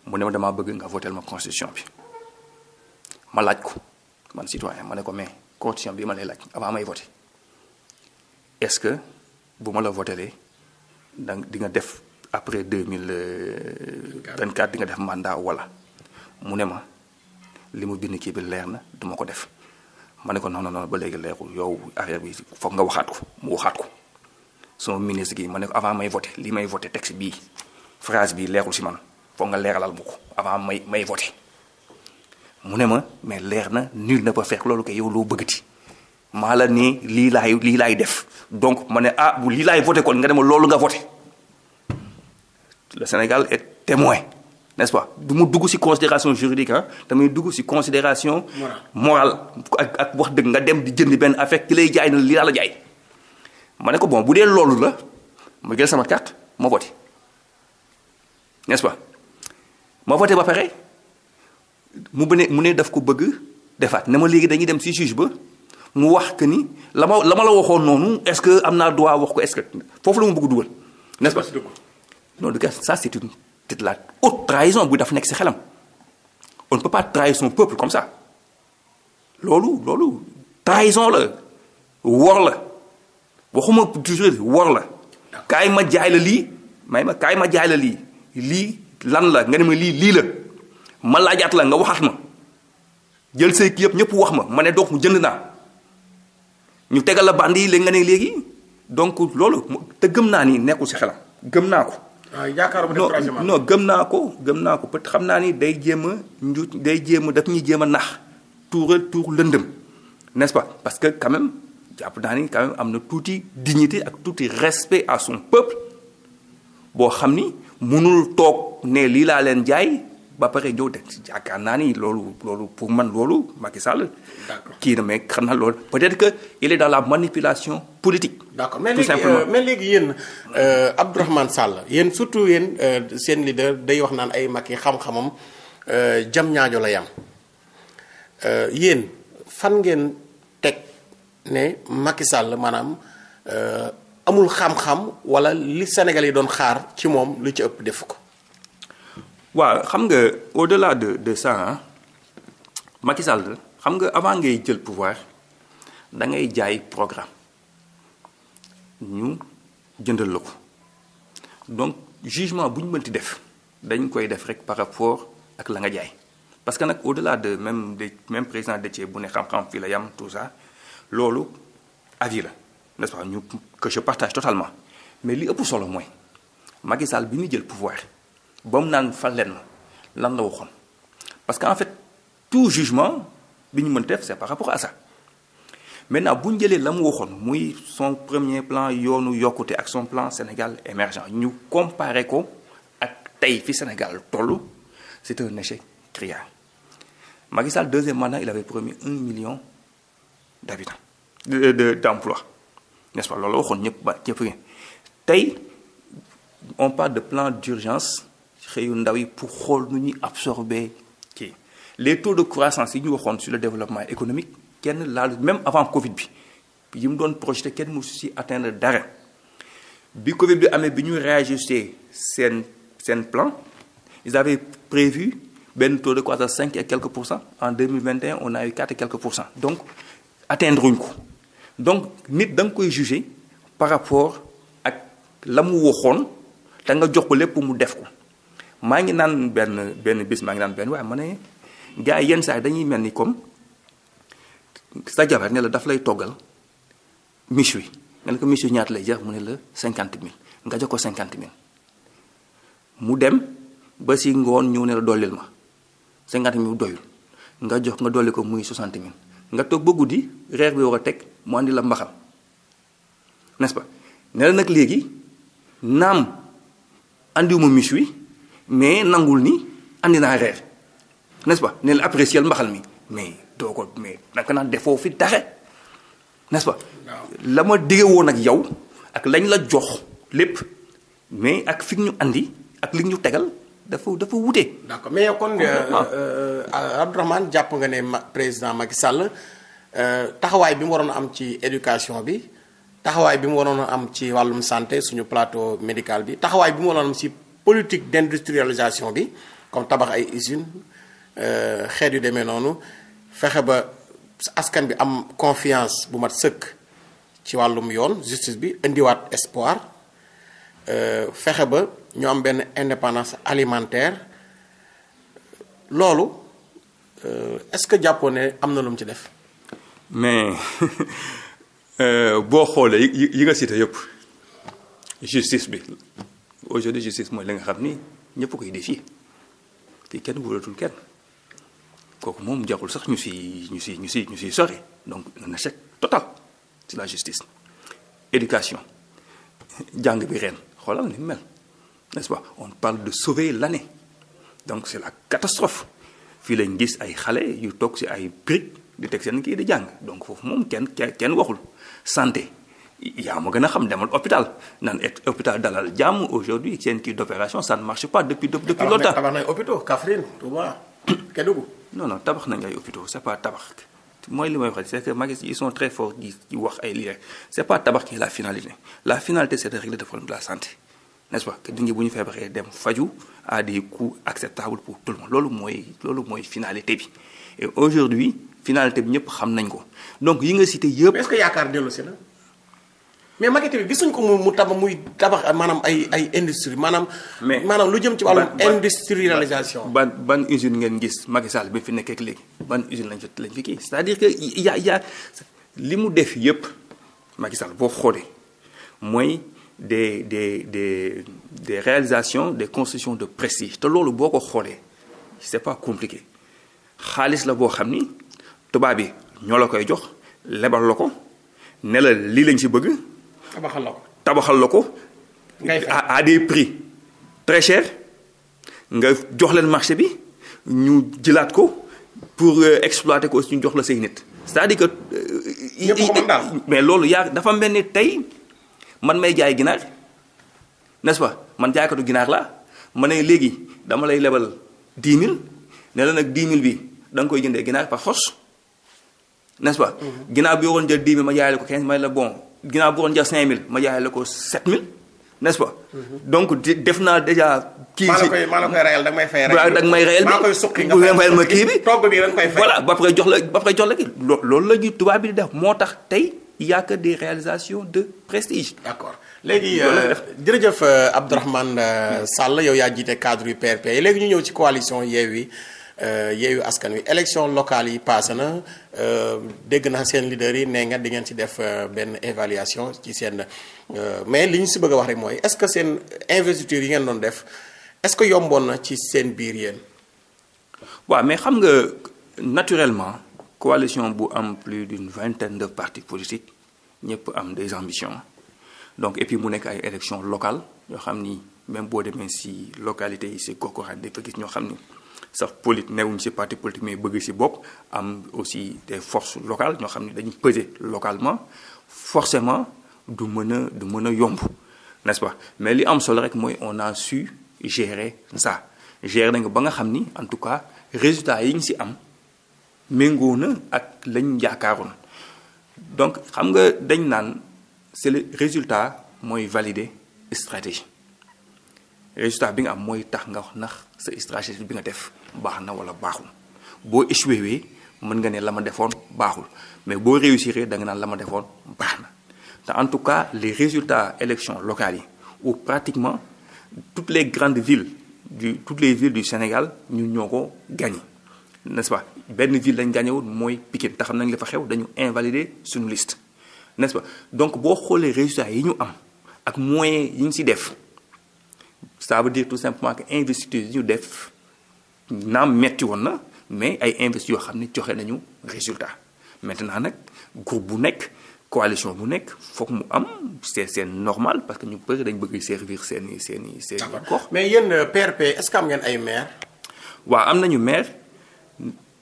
mu ne ma damaa bëgg nga votel ma constitution bi. ma laaj ko man citoyen ma ne ko mais constitution bii ma lay laaj avant may voté est-ce que bu ma la votélee da di nga def après deux mille vingt quatre di nga def mandat wala mu ne ma li mu bind kii bi leer na du ma ko def ma ne ko non non ba léegi leerul yow affaire bi foog nga waxaat ko mu waxaat ko sama ministre gi ma ne ko avant may voté li may voté texte bii phrase bii leerul si man foog nga leeralal ma ko avant may may voté. mu ne ma mais leer na nul ne peut faire loolu kay yow loo bëggati maa la nii lii laay lii laay def donc ma ne ah bu lii laay voté kon nga ne loolu nga voté le Sénégal est témoin n'est-ce pas du ma dugg si considération juridique ah damay dugg si considération morale ak ak wax dëgg nga dem di jënd benn affaire ki lay jaay na lii laa la jaay ma ne ko bon bu dee loolu la ma jël sama carte ma voté n'est-ce ma voté ba pare mu ne mu ne daf ko bëgg defaat ne ma léegi dañuy dem si juge ba mu wax que ni la ma la ma la waxoon noonu est-ce que am naa droit wax ko est-ce que foofu la ma bëgg dugal n'est-ce pas non du ça la haute trahison bu daf nekk si xelam on ne peut pas trahir peuple comme ça loolu loolu trahison la wor la waxuma toujours wor la kaay ma jaay la lii may ma kaay ma jaay la lii lii lan la nga ne ma lii lii la ma laajaat la nga waxaat ma jël say kii yëpp ñëpp wax ma ma ne donc jënd naa ñu tegal la bandi yi léegi nga ne léegi donc loolu te gëm naa ni nekkul si xelam gëm naa ko. Ah, non non gëm naa ko gëm naa ko peut xam naa ni day jéem a nju day jéem a daf ñuy jéem a nax tuural tuur lëndëm n'est-ce parce que quand même jàpp naa ni quand am na tuuti dignité ak tuuti respect à son boo xam ni mënul toog ne lii laa leen jaay. ba pare ñëw de yaakaar naa ni loolu loolu pour man loolu Macky Sall. kii na mais xam naa loolu peut-être que il est dans la manipulation politique. d'accord mais léegi euh, mais léegi yéen euh, Abdourahmane Sall yéen surtout yéen euh, seen leader day wax naan ay Macky xam-xamam jam ñaajo la yam yéen fan ngeen teg ne Macky Sall maanaam. amul xam-xam wala li Sénégal yi doon xaar ci moom lu ci ëpp defu ko. waa xam nga au delà de de ça Macky Sall xam nga avant ngay jël pouvoir da ngay jaay programme ñu jëndal la ko donc jugement bu ñu mënti def dañ koy def rek par rapport ak la nga jaay parce que nag au delà de même de même président Déthié bu ne xam-xam fii la yam tout ça loolu avis la n'est-ce pas ñu que je partage totalement mais li ëpp solo mooy Macky Sall bi ñu jël pouvoir. ba mu naan fal leen ma lan la waxoon parce que en fait tout jugement bi ñu mën def c'est par rapport à ça maintenant bu ñu jëlee la mu waxoon muy son premier plan yoonu yokkute ak son plan Sénégal émergent ñu comparé ko ak tey fi Sénégal tollu c'est un échec criard Macky Sall deuxième mandat il avait promis un million d'habitants de de d'emplois nest pas loolu waxoon ñëpp ba ñëpp tey on parle de plan d'urgence yu ndaw yi pour xool nu ñuy absorber kii les taux de croissance yi ñu waxoon sur le développement économique kenn laalu même avant Covid bi yi mu doon projeté kenn mosu si atteindre dara bi Covid bi amee bi ñu réajusté seen seen plan ils avaient prévu benn taux de croissance cinq et quelques pour cent en deux mille vingt et un on a eu quatre et quelques pour cent donc atteindre wuñ ko donc nit da nga koy juger par rapport ak la mu waxoon te nga jox ko lépp mu def ko. maa ngi naan benn benn bis maa ngi naan benn waaye ma ne gars yenn saa yi dañuy mel ni comme sa jabar ne la daf lay toggal méchoui nga ne ko méchoui ñaata lay jar mu ne la cinquante mille nga jox ko cinquante mille mu dem ba si ngoon ñëw ne la dollil ma cinquante mille doyul nga jox nga dolli ko muy soixante mille nga toog ba guddi reer bi war a teg mu andi la mbaxal n'est-ce pas nag léegi naam andiwuma méchoui mais nangul ni andi naa reer n'est-ce pas ne la apprécier mbaxal mi mais doo ko mais naka naan defoo fi dara n'est-ce la ma dige woon ak yow ak lañ la jox lépp mais ak fi ñu andi ak li ñu tegal dafa dafa wute. d'accord mais yow kon ah. euh, euh, Abdourahmane jàpp nga ne ma président Macky Sall euh, taxawaay bi mu waroon a am ci éducation bi taxawaay bi mu waroon am ci wàllum santé suñu plateau médical bi taxawaay bi mu waroon am ci. politique d' industrialisation bi comme tabax ay usines euh, xeet yu demee noonu fexe ba askan bi am confiance bu mat sëkk ci wàllum yoon justice bi indiwaat espoir euh, fexe ba ñu am benn indépendance alimentaire loolu euh, est-ce que jàppoo ne am na lu ci def. mais boo xoolee yi nga cité yëpp justice bi. aujourd'hui justice mooy la nga xam ni ñëpp koy défier fii kenn wóolatul kenn kooku moom jaxul sax ñu si ñu si ñu si ñu si sori donc un échec total ci la justice éducation jàng bi ren xoolal ni mel n'est-ce on parle de sauver l'année donc c'est la catastrophe fii lañ gis ay xale yu toog si ay briques di teg seen kii di jàng donc foofu moom kenn kenn waxul santé yaa ma gën a xam demal hôpital naan hôpital Dalal Jàmm aujourd'hui seen kii d'opération ça ne marche pas depuis depuis longtemps tabax nañ hôpitaux Kaffrine Touba Kédougou non non tabax nañ ay hôpitaux c'est pas tabax mooy li may wax c'est que Macky ils sont pas tabax ki la finalité la finalité c'est de régler le problème de la santé n'est-ce pas que nit bu ñu feebaree dem faju à des coûts acceptables pour tout loolu mooy loolu mooy finalité bi et aujourd'hui finalité bi ñëpp xam nañ ko donc yi nga cité yëpp. est-ce mais Macky gisuñ ko mu mu tabax muy tabax maanaam ay ay industrie maanaam. mais maanaam lu jëm ci wàllum industrialisation. ban ban usine ngeen gis Macky Sall bi fi nekkee ak ban usine lañ fi lañ fi kii c'est-à-dire que li mu def yëpp Macky Sall boo xoolee mooy. des des des des réalisations des constructions de prestige te loolu boo ko xoolee c'est pas compliqué xaalis la boo xam ni tubaab yi ñoo la koy jox lebal la ko ne lii lañ ci bëgg tabaxal la ko tabaxal la ko. ngay à des prix très cher nga jox leen marché bi ñu jëlaat ko pour euh, exploiter ko suñu jox la say nit. cest à euh, mais loolu yaa dafa mel ni tey man may jaay ginaar ness ce man jaaykatu ginaar la ma ne léegi dama lay lebal 10 000 ne la nag 10 000 bi da koy jëndee ginaar par force n'est-ce pas. Mm-hmm. ginaar bi yoroon jël 10 000 ma jaay la ko 15 may la bon. ginnaaw bu doon jar 5000 ma jaay la ko 7000 n'est-ce pas. Mhm. donc di def naa déjà. kii si maa la koy rayal da nga may fay rayal da nga may rayal bi maa koy suqi nga ma kii bi togg ba pare jox la ba pare jox la kii loolu la ñuy tubaab bi di def moo tax tey y a réalisation des réalisations de prestige. léegi léegi euh, jërëjëf euh, Abdourahmane euh, Sall yow yaa jiite cadre yu PRP léegi ñu ñëw ci coalition yi Euh, yeeyu askan wi élection locale yi passé na euh, dégg naa seen leader yi nee nga di ngeen si def euh, benn évaluation ci seen mais li ñu si bëgg a wax rek mooy est-ce que seen investiture yi ngeen doon def est-ce que yomboon na ci seen biir yéen. waa mais xam nga naturellement coalition bu am plus du vingtaine de partis politiques ñëpp am des ambitions donc et puis mu nekk ay élections locales ñoo xam ni même boo demee si localité yi si gox goxaan dafa gis ñoo xam ni. sax politique newuñ si parti politique mais bëgg si bokk am aussi des forces locales ñoo xam ne dañu peser localement forcément du mën a du mën a yomb n'est-ce mais li am solo rek mooy on a su gérer ça gérer nañu ba nga xam ni en tout cas résultat yi ñu si am méngoo na ak lañ yaakaaroon donc xam nga dañ naan c'est le résultat mooy valider stratégie résultat bi nga am mooy tax nga nax sa stratégie bi nga def baax na wala baaxul boo échoué wee mën nga ne la ma defoon baaxul mais boo réussir da nga naan la ma defoon baax na te en tout cas les résultat élections locales yi où pratiquement toutes les grandes villes du toutes les villes du Sénégal ñu ñoo ko gagné n'est-ce pas benn ville lañ gagné mooy Pikine te xam nañ la fa xew dañu invalider suñu liste n'est-ce pas donc boo xoolee résultats yi ñu am ak moyens yi ñu si def. ça veut dire tout simplement que investisseurs yi ñu def naam metti woon na mais ay investisseurs yoo xam ne joxe nañu résultat maintenant nag groupe bu nekk coalition bu nekk foog mu am c'est seen normal parce que ñu bëri dañ bëgg servir seen i seen seen i gox mais yéen PRP euh, est-ce que am ay maire waaw am nañu maire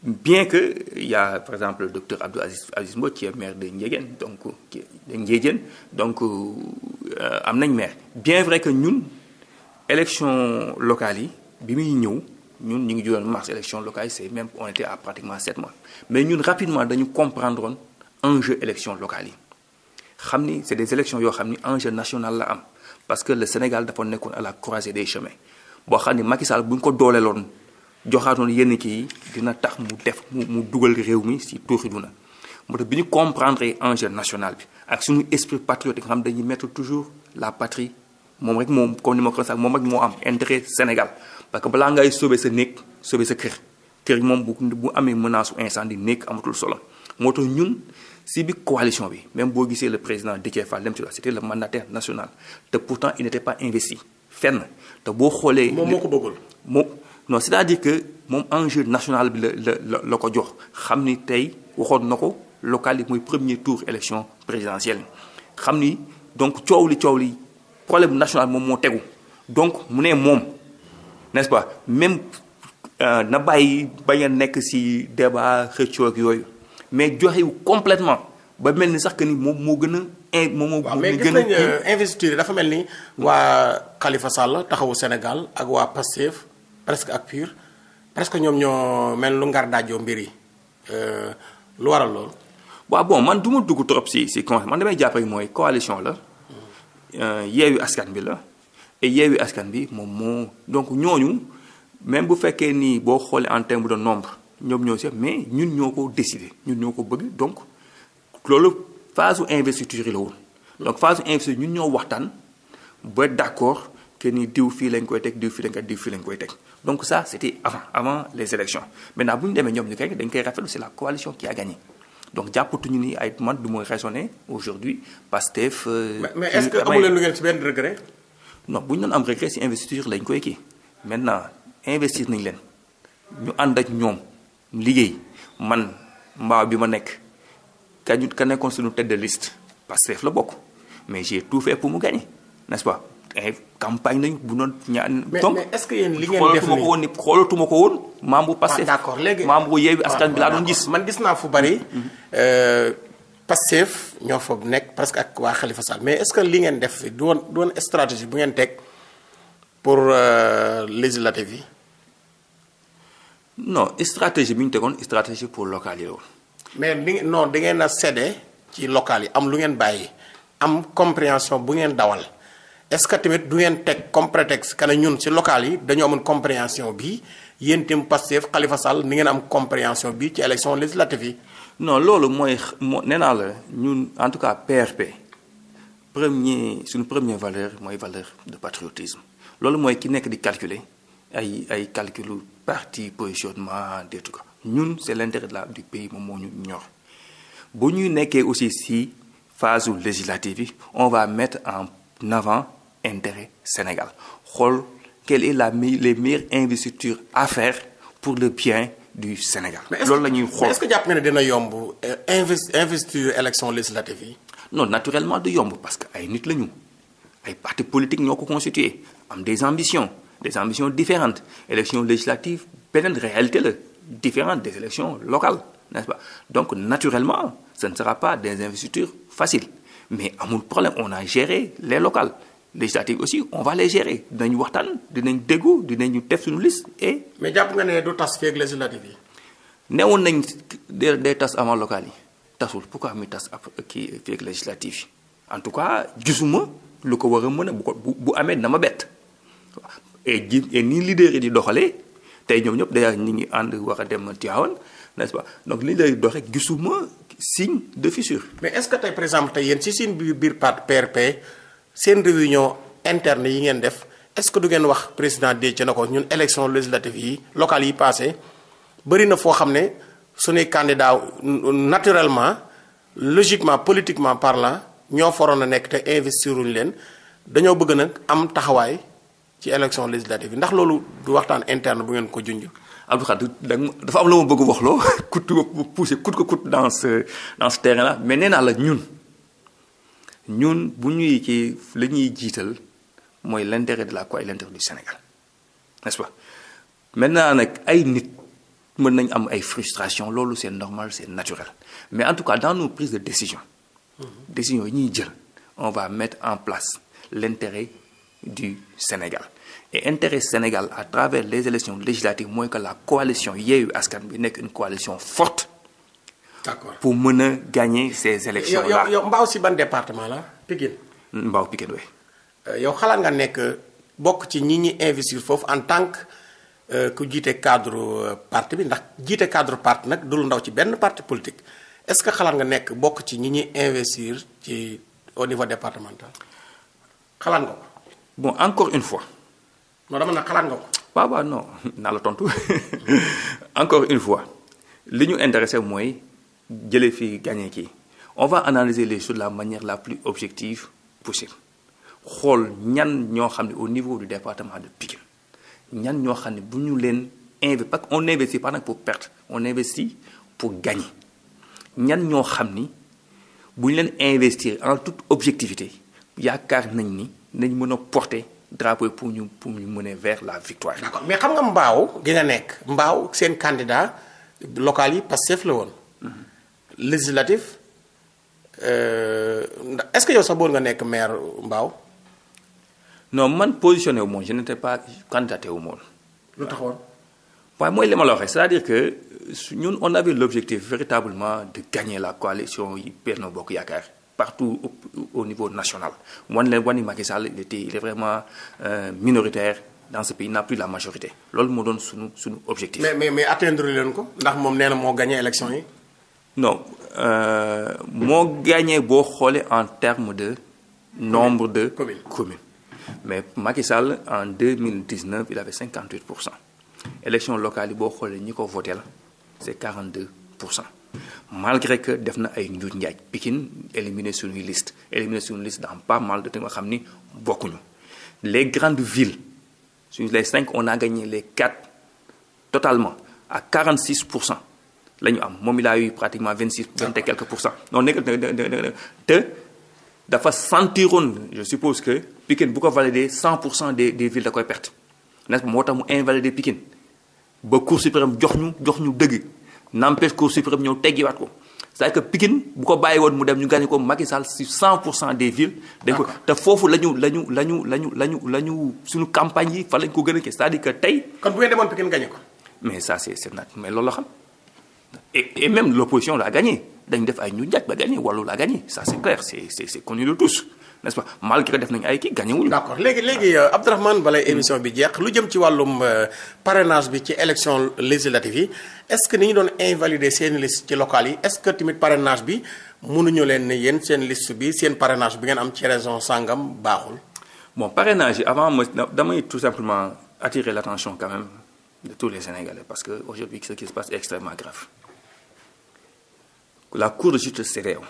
bien que y par exemple docteur Abdou Aziz Aziz Mbodj qui est maire donc euh, de donc euh, am nañ maire bien vrai que ñun élection locale yi bi muy ñëw ñun ñu ngi juróon mars élection locale yi c'est même on était à pratiquement sept mois mais ñun rapidement dañu comprendre oon enjeu locale yi xam ni c'est des élections yoo xam ni enjeu national la am parce que le Sénégal dafa nekkoon la croisée des chemins boo xam ni Macky Sall bu ñu ko dooleeloon joxaatoon yenn kii dina tax mu def mu mu dugal réew mi si tuuxi duna moo bi ñu comprendre enjeu national bi ak suñu esprit patriotique nga xam dañuy mettre toujours la patri moom rek moom comme ni ma moom rek moo am intérêt Sénégal parce que balaa ngay sauver sa néeg sauver sa kër kër moom bu bu amee menace u incendie néeg amatul solo moo tax ñun si bi coalition bi même boo gisee le président Déthié Fall dem ci la c'était le mandataire national te pourtant il n'était pas investi fenn te boo xoolee. moom moo ko bëggul moom non c'est-à-dire que moom enjeu national bi la la la ko jox xam ni tey waxoon na ko local yi muy premier tour élection présidentielle xam ni donc coow coow li. problème bu national moom moo tegu donc mu ne moom nest pas même euh, na bàyyi bañ nekk si débat xëccook yooyu mais joxewu completement ba mel ni sax que ni moom moo gën a in moom gën a euh, investiture dafa mel ni waa kalifa Sall taxawu Sénégal ak waa Pastef presque ak pur presque ñoom ñoo mel lu ngar daajoo mbir yi euh, lu waral loolu. waaw bon man du ma dugg trop ci ci man damay jàpp mooy coalition la. Euh, yeewi askan bi la et askan bi moom moo donc ñooñu même bu fekkee nii boo xoolee en bu de nombre ñoom ñoo see mais ñun ñoo ko décidé ñun ñoo ko bëgg donc loolu phase su investiture yi la woon. donc phase su investiture ñun ñoo waxtaan ba d'accord que ni diw fii lañ koy teg diw fii lañ koy teg donc ça c'était avant avant les élections maintenant bu ñu demee ñoom ñu koy dañ koy rafetlu c'est la coalition qui a gagné. donc jàppatuñu ni ay man du mooy raisonné aujourd'hui Pastef. Euh, mais mais est-ce que amu leen lu ngeen ci benn regret. non bu ñu doon am regret ci investiture lañ koy kii maintenant investir nañ leen ñu ànd ak ñoom liggéey man mbaaw bi ma nekk ka ñu nekkoon suñu tête de liste Pastef la bokk mais j'ai tout fait pour mu gagner nest pas. campagne nañu bu doon ñaan. donc mais ce que yéen li ngeen def nii xoolatuma ko woon ni xoolatuma ko woon. membre Pastef ah, d'accord léegi membre Yewwi Askan bi laa doon gis. man gis naa fu bari. Mm-hmm, mm-hmm. Euh, Pastef ñoo fa nekk presque ak waa Khalifa Sall mais est-ce que li ngeen def du woon du woon stratégie bu ngeen teg pour euh, législative yi. no strategie bi ñu tegoon stratégie pour local yi la woon. mais li non da ngeen a seddee ci local yi am lu ngeen bàyyi am compréhension bu ngeen dawal. est-ce que tamit du ngeen teg comme prétexte que ñun si local yi dañoo amoon compréhension bi yéen itam Pastef Khalifa Sall ni ngeen am compréhension bi ci élection législative yi. non loolu mooy moo nee la ñun en tout cas PRP premier suñu première valeur mooy valeur de patriotisme loolu mooy ki nekk di calculer ay ay calculu parti positionnement des trucs ñun c'est l'intérêt de la du pays moom moo ñu ñor bu ñuy nekkee aussi si phase législative yi on va mettre en avant. intérêt Sénégal xool quelle est la les meilleures investitures à faire pour le bien du Sénégal. loolu la ñuy xool est-ce que jàpp nga ne dina yomb euh, investir élection législative yi. non naturellement de yomb parce que ay nit la ñu ay partis politiques ñoo ko constitué am des ambitions des ambitions différentes élection législative beneen réalité la différente des élections locales n'est-ce pas donc naturellement ce ne sera pas des investitures faciles mais amul problème on a géré les locales. législative aussi on va les gérer dinañ waxtaan dinañ déggu dinañu def suñu liste et. mais jàpp nga ne du tas feeg législative yi. newoon nañ day day tas avant local yi tasul pourquoi muy tas ab kii feeg législative yi en tout cas gisuma lu ko war mën a bu bu amee na ma bett et ji et nii leader yi di doxalee tey ñoom ñëpp déjà ñu ngi ànd war a dem Tivaouane n'est-ce pas donc li ñu lay doxee gisuma signe de fissure. mais est que tey par exemple tey yéen si seen biir PAT PRP. seen réunion interne yi ngeen def est-ce que du ngeen wax président Déthié na ko ñun élection législative yi locales yi passé bëri na foo xam ne suñuy candidat naturellement logiquement politiquement parlant ñoo foroon a nekk te investir investiruñu leen dañoo bëgg nag am taxawaay ci élection législative yi ndax loolu du waxtaan interne bu ngeen ko junj. Abdou Khadre dafa am lu ma bëgg wax loo kut ko poussé kut ko kut dans ce dans ce mais nee naa la ñun. ñun bu ñuy kii la ñuy jiital mooy l'intérêt de la quoi du Sénégal n'est-ce maintenant nag ay nit mën nañ am ay frustration loolu c'est normal c'est naturel mais en tout cas dans nos prises de décision décision yi ñuy jël on va mettre en place l'intérêt du Sénégal et intérêt Sénégal à travers les élections législatives mooy que la coalition Yewwi Askan bi nekk une coalition forte d'accord pour mën a gagner ces élections là yow Mbao si ban département la Pikine. Mm, Mbao Pikine waay. Euh, yow xalaat nga nekk bokk ci ñi ñi investir foofu en tant que euh, ku jiite cadre euh, parti bi ndax jiite cadre parti nag du lu ndaw ci benn parti politique est-ce que xalaat nga nekk bokk ci ñi ñi investir ci au niveau départemental xalaat nga ko. bon encore une fois. non dama na xalaat nga ko. waaw waaw naa la tontu encore une fois li ñu intéressé mooy. jëlee fii gagné kii on va analyser les choses de la manière la plus objective possible xool ñan ñoo xam ne au niveau du département de Pikine ñan ñoo xam ne bu ñu leen investi parce on investit pas nag pour perdre on investit pour gagner ñan ñoo xam ni bu ñu leen investir en toute objectivité yaakaar nañ ni nañ mën a porter draper pour ñu pour ñu mener vers la victoire. d'accord mais xam nga mbaaw gi nga nekk mbaaw seen candidat local yi Pastef la woon. législatif euh, est-ce que yow sax boon nga nekk maire Mbao non man positionné wu moom je n'étais pas candidaté wu moom. lu taxoon. waaye mooy li ma la waxee c'est-à-dire que ñun on avait l'objectif véritablement de gagner la coalition yi Benno Bokk Yaakaar partout au niveau national wan leen wan ni Macky Sall il était vraiment euh, minoritaire dans ce pays n'a plus la majorité loolu moo doon suñu suñu objectif. mais mais mais atteindre leen ko ndax moom nee na moo gagné yi. non euh, moo gaañee boo xoolee en terme de nombre de communes commune. mais Macky Sall en 2019 il avait 58 pour cent élection locale yi boo xoolee ñi ko voté la c'est 42 pour cent malgré que def na ay njuuj njaaj Pikine éliminé suñuy liste éliminé suñuy liste dans pas mal de temps nga xam ni bokkuñu les grandes villes les cinq on a gagné les quatre totalement ak à 46 pour cent la am moom il a eu pratiquement vingt six vingt et quelques pour cent non nekk te dafa sentiroon je suppose que Pikine bu ko validé cent pour cent des des villes da koy perte n'est-ce tax mu invalidé Pikine ba Cour jox ñu jox ñu dëgg n'empêche Cour suprême ñëw teggiwaat ko c'est-à-dire bu ko bàyyi woon mu dem ñu gagné ko Macky Sall si 100 pour cent des villes. dañ ko te foofu la ñu la ñu la ñu la ñu la ñu la ñu suñu campagne yi fa lañ ko gën a kii cest à que tey. kon bu ngeen demoon Pikine gagné ko. mais ça c'est c'est mais loolu la xam. et et même l'opposition l'a gagné dañ def ay ñu njaj ba gagné wàllu laa gagné ça c'est clair c'est c'est c'est tous n'est-ce pas malgré def nañu ay kii gagné wuñu. d'accord léegi léegi euh, Abdourahmane balay hmm. émission bi jeex lu jëm ci wàllum euh, parrainage bi ci élection législative yi est-ce que ni ñu doon invalider seen liste ci locales yi est-ce que tamit parrainage bi ñu leen ne yéen seen liste bi seen parenage bi ngeen am ci raison sangam baaxul. bon parrainage yi avant ma damay tout simplement attirer l'attention quand même de tous les Sénégalais parce que aujourd'hui ce qui se passe est extrêmement grave. la Cour de justice CEDEAO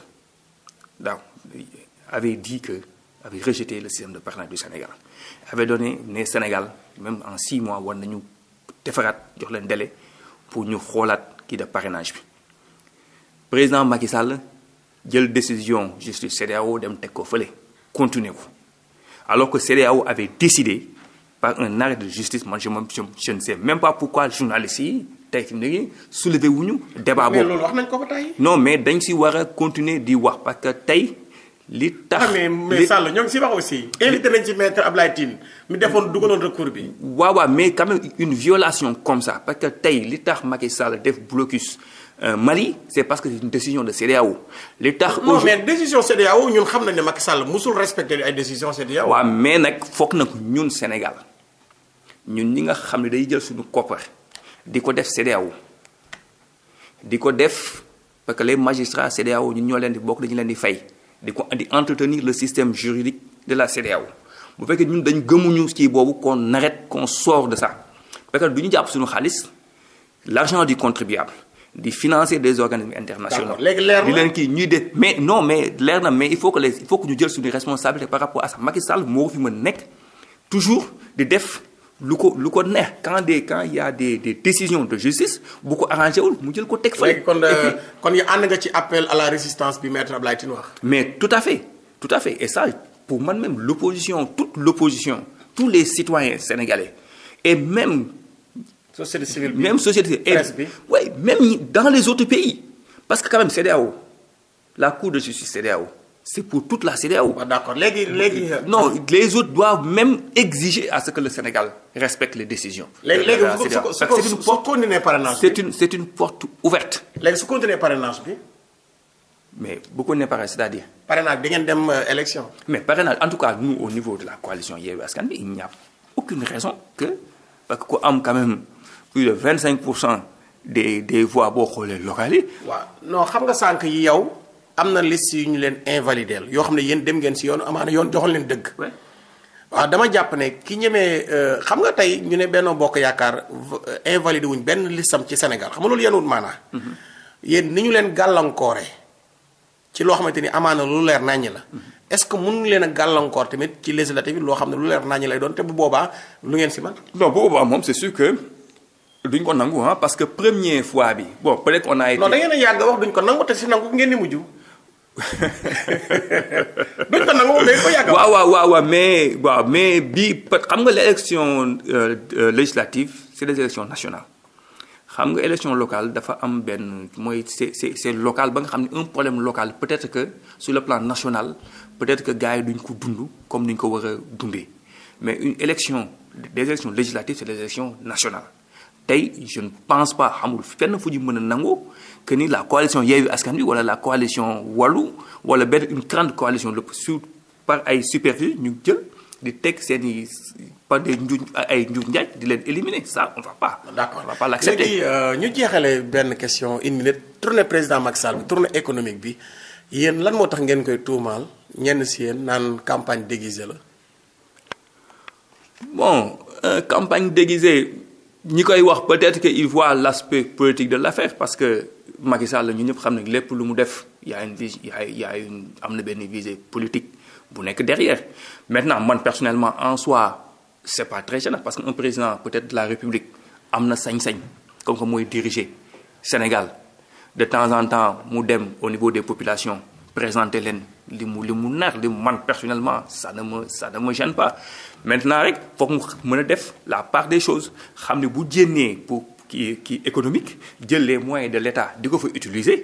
avait dit que avait rejeté le système de parrainage du Sénégal avait donné ne Sénégal même en six mois war nañu defaraat jox leen délai pour ñu xoolaat kii de parrainage bi président Macky Sall jël décision justice CEDEAO dem teg ko fale continuer ko alors que CEDEAO avait décidé par un arrêt de justice man je, je, je ne sais même pas pourquoi journalistes tey fi wu ñu débat boobu. loolu wax nañ ko ba tey. mais dañ si war a continuer di wax parce que tey. li tax ah, mais mais Sall ñoo ngi si wax aussi. invité nañ ci maître Ablaye Tine mi defoon dugaloon recours bi. waaw waaw mais quand même une parce que tey li tax Macky Sall def blocus euh, Mali c' est parce que c' est une décision de CEDEAO. li tax non mais décision CEDEAO ñun xam nañ ne Macky Sall musul respecté ay décision CEDEAO. waaw mais nag foog nag ñun Sénégal ñun ñi nga xam ne day jël suñu koppar. di ko def CEDEAO di ko def parce que les magistrats CEDEAO ñu ñoo leen di bokk dañu leen di fay di ko di entretenir le système juridique de la CEDEAO bu fekkee ñun dañ gëmuñu ci boobu qu'on arrête qu'on sort de ça parce que du ñu jàpp suñu xaalis l'argent du contribuable di financer des organismes internationaux di leen kii ñuy de mais non mais leer na mais il faut que les il faut que ñu jël suñu responsabilité par rapport à ça Macky moo fi mën nekk toujours di def lu ko lu ko neex quand des quand il des des décisions de justice bu ko arrangé wul mu jël ko teg fële. kon euh, kon yaa ànd nga ci appel à la résistance bi maître Abdoulaye Tine wax. mais tout à fait tout à fait et ça pour man même l'opposition toute l'opposition tous les citoyens sénégalais et même. société civile bi même société presse bi ouais, même dans les autres pays parce que quand même CEDEAO la cour de justice CEDEAO c'est pour toute la CEDEAO. Ah, d'accord léegi léegi. non les autres doivent même exiger à ce que le Sénégal respecte les décisions. léegi léegi su ko su ko continuer parrainage bi c'est une porte ouverte. léegi su continuer parrainage bi. mais bu ko nee parrainage c'est-à-dire. parrainage da ngeen dem euh, élection. mais parrainage en tout cas nous au niveau de la coalition Yewwi Askan Wi il n'y a aucune raison que parce que ku am quand même plus de pour cent des des voix boo xoolee locales yi. waaw non xam nga sànq yi yow. am na list yu ñu leen invalideel yoo xam ne yéen dem ngeen si yoonu amaana yoon joxoon leen dëgg. waaw dama jàpp ne ki ñeme euh, xam nga tey ñu ne benn Bokk Yaakaar invalidé wuñ benn listam ci Sénégal xam nga loolu yéen wut maanaa mm-hmm. yéen ni ñu leen gàllankoore ci loo xamante ni amaana lu leer naññ la. Mm-hmm. est-ce que mënuñu leen gàllankoor tamit ci législative loo xam ne lu leer naññ lay doon te bu boobaa lu ngeen si man non bu boobaa moom c'est sûr que duñ ko nangu ah, parce que première fois bi bon peut on a été. non da ngeen a yàgg wax duñ ko nangu ngeen di mujj. duñ waaw waaw waaw mais waaw mais bii xam nga l'élection euh, euh, législative c'est des élections nationales xam nga élection locale dafa am benn mooy c'est c'est c'est local ba nga xam ne un problème locale peut-être que sur le plan national peut-être que gars yi duñ ko dund comme ni ñu ko war a dundee mais une élection des élections législatives c'est des élections nationales tey je ne pense pas xamul fenn fu ñu mën a nangu. que nii la coalition Yewwi Askan Wi wala la coalition Wallu wala benn une grande coalition lépp sur par ay superficie ñu jël di teg seen i par des ay nju njaaj di leen éliminer ça on va pas. d'accord on va euh, ñu jeexale benn question indi ne tournée président Macky Sall bi tournée économique bi yéen lan moo tax ngeen koy tuumaal ñenn si yéen naan campagne déguisée la. bon euh, campagne déguisée ñi koy wax peut-être que il voit l'aspect politique de l'affaire parce que. Macky Sall ñu ñëpp xam ne lépp lu mu def y a une am na benn visée politique bu nekk derrière maintenant man personnellement en soi c'est pas très gênant parce que un président peut-être de la République am na sañ-sañ comme que mooy diriger Sénégal de temps en temps mu dem au niveau des population présenter leen li mu li mu nar li mu man personnellement sa ne me ça ne me gêne pas maintenant rek foog mu mën a def la part des choses xam ne bu jénnee pour ki kii économique jël les moyens de l'État di ko fa utiliser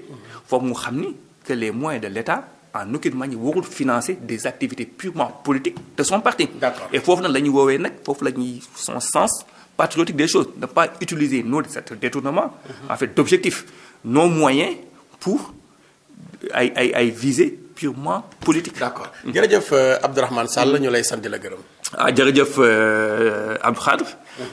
foog mu xam ni que les moyens de l'État en aucune manière warul financer des activités purement politiques de son parti. D'accord. foofu nag la ñuy woowee nag foofu la ñuy son sens patriotique des choses ne pas utiliser nos détournements en fait d'objectifs noo moyens pour ay ay ay visées purement politiques. d'accord jërëjëf euh, Abdourahmane Sall ñu lay sant di la gërëm. ah jërëjëf euh, euh, Abdou Khadre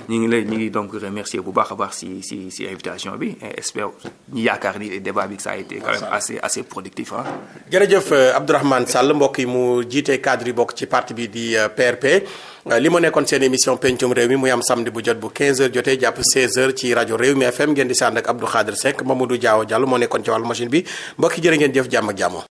ñu ngi lay ñu ngi donc remercier bu baax a baax si si si invitation bi espère yaakaar ni débat a été quand même assez assez productif ah. jërëjëf euh, Abdourahmane Sall mbokk yi mu jiite cadre yi bokk ci parti bi di PRP li mu nekkoon seen émission pencum réew mi muy am samedi bu jot bu 15h jotee jàpp 16h ci rajo réew mi FM ngeen di sànd ak Abdou Khadre moo nekkoon ci wàllu bi mbokk jëre ngeen jëf jàmm ak jàmm.